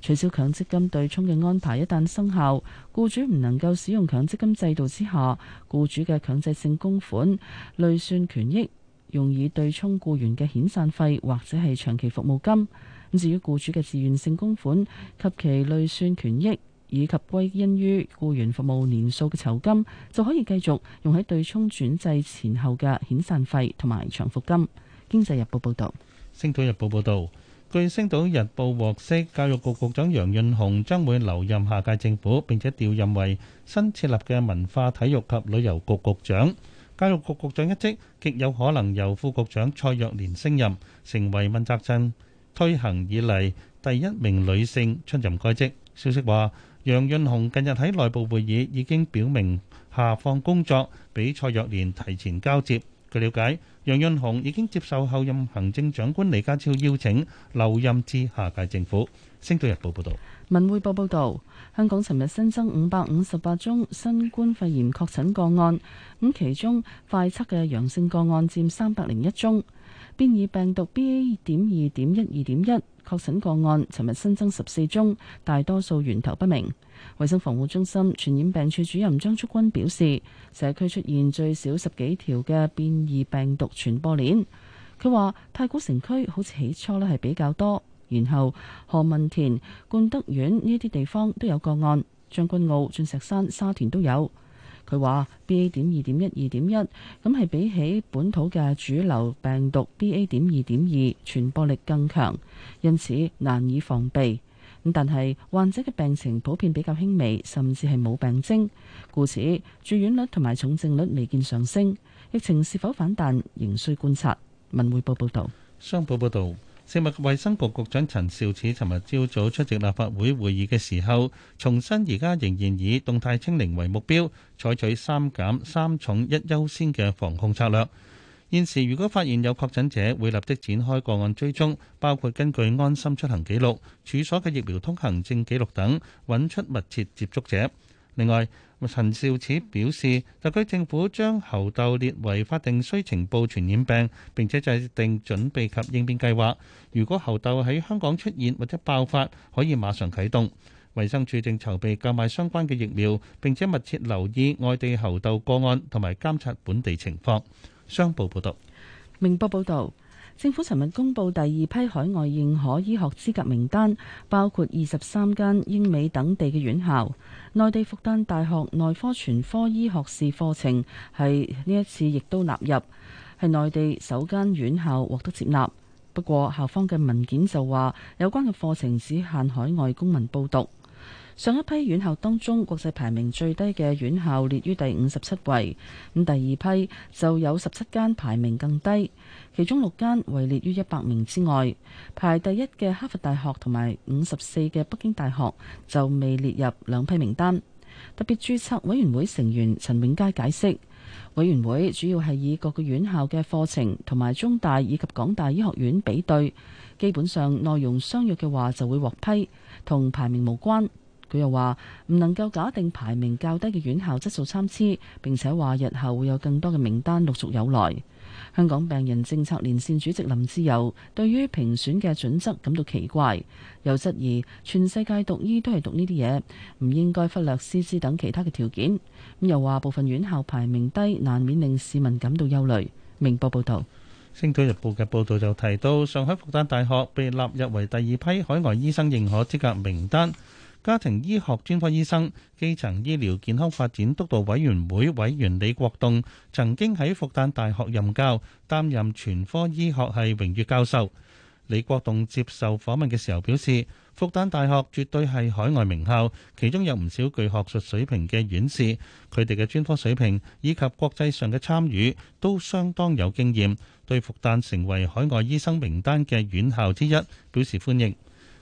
取消強積金對沖嘅安排一旦生效，僱主唔能夠使用強積金制度之下僱主嘅強制性供款累算權益，用以對沖僱員嘅遣散費或者係長期服務金。咁至於僱主嘅自願性供款及其累算權益，以及歸因於僱員服務年數嘅酬金，就可以繼續用喺對沖轉制前後嘅遣散費同埋長服金。經濟日報報導，《星島日報》報導，據《星島日報》獲悉，教育局局長楊潤雄將會留任下屆政府，並且調任為新設立嘅文化、體育及旅遊局局長。教育局局長一職，極有可能由副局長蔡若蓮升任，成為問責制推行以嚟，第一名女性出任該職。消息話，楊潤雄近日喺內部會議已經表明下放工作俾蔡若蓮提前交接。據了解，楊潤雄已經接受後任行政長官李家超邀請，留任至下屆政府。星島日報報道。文匯報報道，香港尋日新增五百五十八宗新冠肺炎確診個案，咁其中快測嘅陽性個案佔三百零一宗。變異病毒 BA. 點二點一二點一確診個案尋日新增十四宗，大多數源頭不明。衛生防護中心傳染病處主任張竹君表示，社區出現最少十幾條嘅變異病毒傳播鏈。佢話太古城區好似起初咧係比較多。然後何文田、冠德苑呢啲地方都有個案，將軍澳、鑽石山、沙田都有。佢話 BA. 點二點一、二點一，咁係比起本土嘅主流病毒 BA. 點二點二，傳播力更強，因此難以防備。咁但係患者嘅病情普遍比較輕微，甚至係冇病徵，故此住院率同埋重症率未見上升。疫情是否反彈仍需觀察。文匯報報道，商報報道。食物及衞生局局長陳肇始尋日朝早出席立法會會議嘅時候，重申而家仍然以動態清零為目標，採取三減三重一優先嘅防控策略。現時如果發現有確診者，會立即展開個案追蹤，包括根據安心出行記錄、處所嘅疫苗通行證記錄等，揾出密切接觸者。另外，陳肇始表示，特區政府將猴痘列為法定需呈報傳染病，並且制定準備及應變計劃。如果猴痘喺香港出現或者爆發，可以馬上啟動。衛生署正籌備購買相關嘅疫苗，並且密切留意外地猴痘個案同埋監察本地情況。商報報導，明報報道。政府尋日公布第二批海外認可醫學資格名單，包括二十三間英美等地嘅院校。內地復旦大學內科全科醫學士課程係呢一次亦都納入，係內地首間院校獲得接納。不過校方嘅文件就話，有關嘅課程只限海外公民報讀。上一批院校當中，國際排名最低嘅院校列於第五十七位。咁第二批就有十七間排名更低，其中六間位列於一百名之外。排第一嘅哈佛大學同埋五十四嘅北京大學就未列入兩批名單。特別註冊委員會成員陳永佳解釋，委員會主要係以各個院校嘅課程同埋中大以及港大醫學院比對，基本上內容相若嘅話就會獲批，同排名無關。佢又話唔能夠假定排名較低嘅院校質素參差，並且話日後會有更多嘅名單陸續有來。香港病人政策連線主席林志友對於評選嘅準則感到奇怪，又質疑全世界讀醫都係讀呢啲嘢，唔應該忽略師資等其他嘅條件。咁又話部分院校排名低，難免令市民感到憂慮。明報報導，《星島日報》嘅報導就提到，上海復旦大學被納入為第二批海外醫生認可資格名單。家庭醫學專科醫生、基層醫療健康發展督導委員會委員李國棟曾經喺復旦大學任教，擔任全科醫學系榮譽教授。李國棟接受訪問嘅時候表示，復旦大學絕對係海外名校，其中有唔少具學術水平嘅院士，佢哋嘅專科水平以及國際上嘅參與都相當有經驗，對復旦成為海外醫生名單嘅院校之一表示歡迎。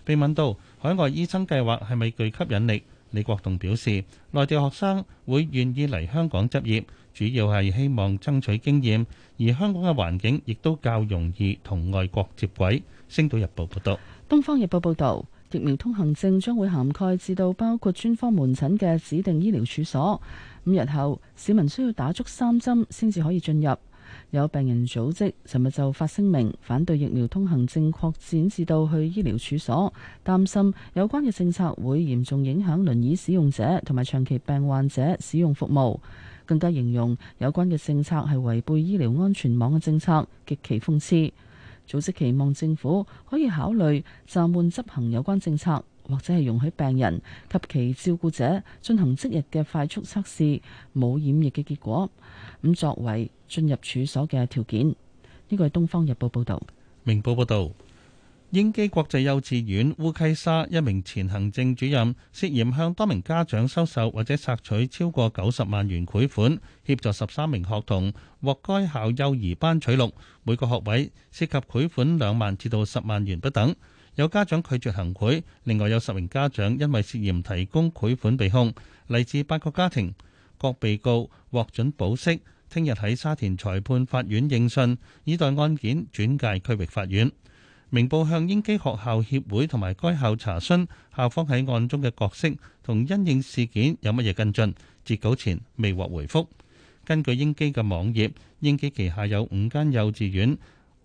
被問到。海外醫生計劃係咪具吸引力？李國棟表示，內地學生會願意嚟香港執業，主要係希望爭取經驗，而香港嘅環境亦都較容易同外國接軌。星島日報報道，東方日報報道，疫苗通行證將會涵蓋至到包括專科門診嘅指定醫療處所。五日後，市民需要打足三針先至可以進入。有病人組織尋日就發聲明反對疫苗通行證擴展至到去醫療處所，擔心有關嘅政策會嚴重影響輪椅使用者同埋長期病患者使用服務。更加形容有關嘅政策係違背醫療安全網嘅政策，極其諷刺。組織期望政府可以考慮暫緩執行有關政策。或者係容許病人及其照顧者進行即日嘅快速測試，冇染疫嘅結果，咁作為進入處所嘅條件。呢個係《東方日報》報道。《明報》報道，英基國際幼稚園烏溪沙一名前行政主任涉嫌向多名家長收受或者索取超過九十萬元賄款，協助十三名學童獲該校幼兒班取錄，每個學位涉及賄款兩萬至到十萬元不等。有家長拒絕行賄，另外有十名家長因為涉嫌提供賄款被控，嚟自八個家庭。各被告獲准保釋，聽日喺沙田裁判法院應訊，以待案件轉介區域法院。明報向英基學校協會同埋該校查詢，校方喺案中嘅角色同因應事件有乜嘢跟進，截稿前未獲回覆。根據英基嘅網頁，英基旗下有五間幼稚園。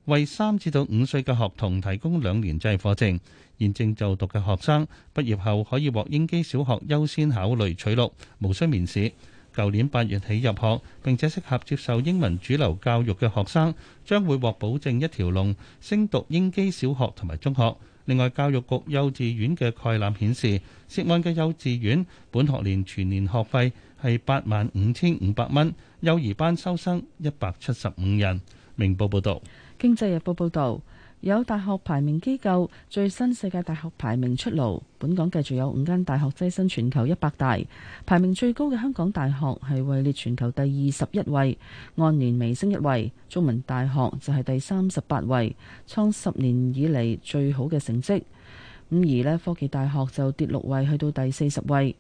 為三至到五歲嘅學童提供兩年制課程，現正就讀嘅學生畢業後可以獲英基小學優先考慮取錄，無需面試。舊年八月起入學，並且適合接受英文主流教育嘅學生將會獲保證一條龍升讀英基小學同埋中學。另外，教育局幼稚園嘅概覽顯示，涉案嘅幼稚園本學年全年學費係八萬五千五百蚊，幼兒班收生一百七十五人。明報報道。經濟日報報道，有大學排名機構最新世界大學排名出爐，本港繼續有五間大學躋身全球一百大，排名最高嘅香港大學係位列全球第二十一位，按年微升一位；中文大學就係第三十八位，創十年以嚟最好嘅成績。咁而呢科技大學就跌六位，去到第四十位。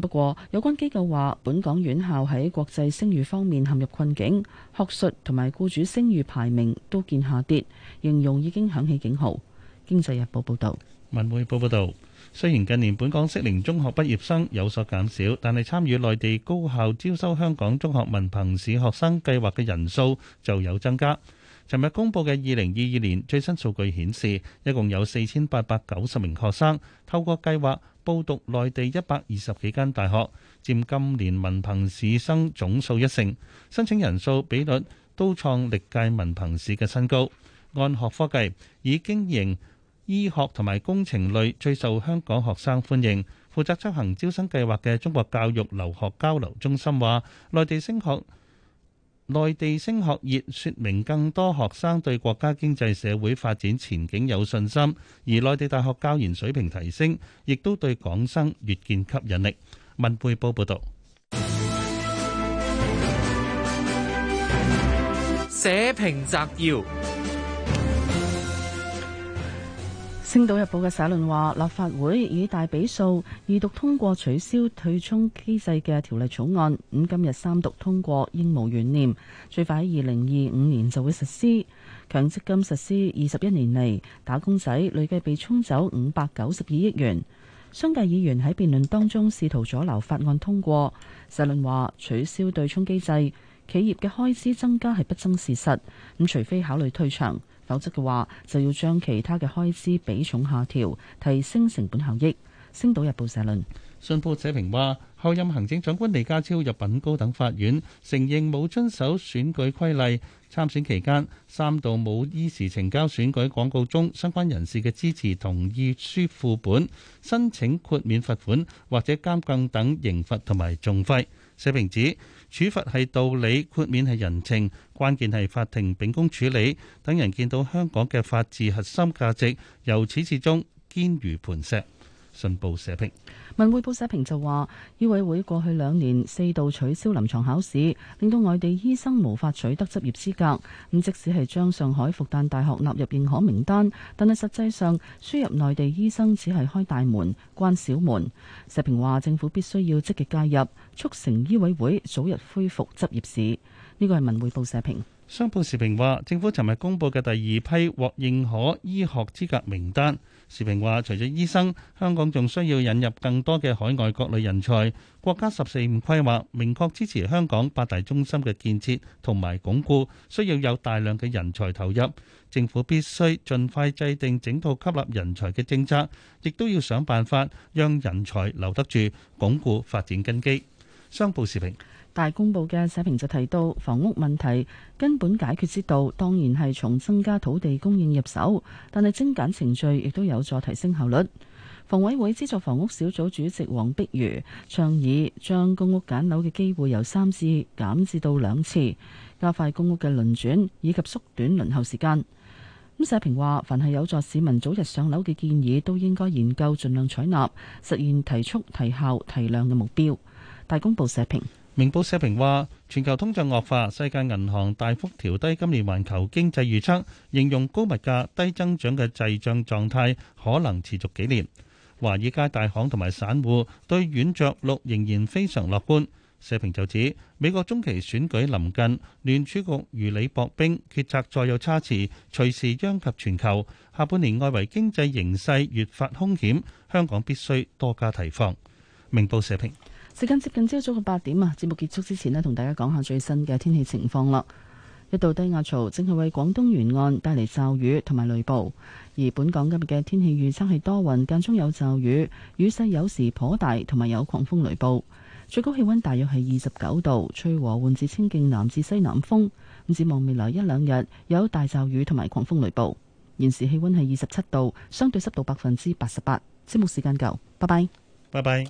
不過，有關機構話，本港院校喺國際聲譽方面陷入困境，學術同埋僱主聲譽排名都見下跌，形容已經響起警號。經濟日報報導，文匯報報導，雖然近年本港適齡中學畢業生有所減少，但係參與內地高校招收香港中學文憑試學生計劃嘅人數就有增加。尋日公佈嘅二零二二年最新數據顯示，一共有四千八百九十名學生透過計劃。報讀內地一百二十幾間大學，佔今年文憑試生總數一成，申請人數比率都創歷屆文憑試嘅新高。按學科計，以經營醫學同埋工程類最受香港學生歡迎。負責執行招生計劃嘅中國教育留學交流中心話，內地升學。內地升學熱，說明更多學生對國家經濟社會發展前景有信心，而內地大學教研水平提升，亦都對港生越見吸引力。文匯報報道。社評摘要。《星島日報》嘅社論話，立法會以大比數二讀通過取消退沖機制嘅條例草案，咁今日三讀通過，應無懸念，最快喺二零二五年就會實施。強積金實施二十一年嚟，打工仔累計被沖走五百九十二億元。商界議員喺辯論當中試圖阻撓法案通過，社論話取消對沖機制，企業嘅開支增加係不爭事實，咁除非考慮退場。否則嘅話，就要將其他嘅開支比重下調，提升成本效益。星島日報社論。信報社評話，候任行政長官李家超入禀高等法院，承認冇遵守選舉規例，參選期間三度冇依時呈交選舉廣告中相關人士嘅支持同意書副本，申請豁免罰款或者監禁等刑罰同埋重費。社評指處罰係道理，豁免係人情，關鍵係法庭秉公處理，等人見到香港嘅法治核心價值由始至終堅如磐石。信報社評，文匯報社評就話，醫委會過去兩年四度取消臨床考試，令到外地醫生無法取得執業資格。咁即使係將上海復旦大學納入認可名單，但係實際上輸入內地醫生只係開大門關小門。社評話，政府必須要積極介入，促成醫委會早日恢復執業試。呢個係文匯報社評。商報時評話，政府尋日公布嘅第二批獲認可醫學資格名單。時評話，除咗醫生，香港仲需要引入更多嘅海外各類人才。國家十四五規劃明確支持香港八大中心嘅建設同埋鞏固，需要有大量嘅人才投入。政府必須盡快制定整套吸納人才嘅政策，亦都要想辦法讓人才留得住，鞏固發展根基。商報時評。大公報嘅社評就提到，房屋問題根本解決之道當然係從增加土地供應入手，但係精簡程序亦都有助提升效率。房委會資助房屋小組主席黃碧如倡議將公屋揀樓嘅機會由三次減至到兩次，加快公屋嘅輪轉以及縮短輪候時間。咁社評話，凡係有助市民早日上樓嘅建議，都應該研究盡量採納，實現提速、提效、提量嘅目標。大公報社評。明報社評話：全球通脹惡化，世界銀行大幅調低今年環球經濟預測，形容高物價、低增長嘅滯脹狀態可能持續幾年。華爾街大行同埋散戶對軟著陸仍然非常樂觀。社評就指美國中期選舉臨近，聯儲局如履薄冰，決策再有差池，隨時殃及全球。下半年外圍經濟形勢越發兇險，香港必須多加提防。明報社評。時間接近朝早嘅八點啊，節目結束之前呢，同大家講下最新嘅天氣情況啦。一道低壓槽正係為廣東沿岸帶嚟驟雨同埋雷暴，而本港今日嘅天氣預測係多雲，間中有驟雨，雨勢有時頗大，同埋有狂風雷暴。最高氣温大約係二十九度，吹和緩至清勁南至西南風。咁展望未來一兩日有大驟雨同埋狂風雷暴。現時氣溫係二十七度，相對濕度百分之八十八。節目時間夠，拜拜，拜拜。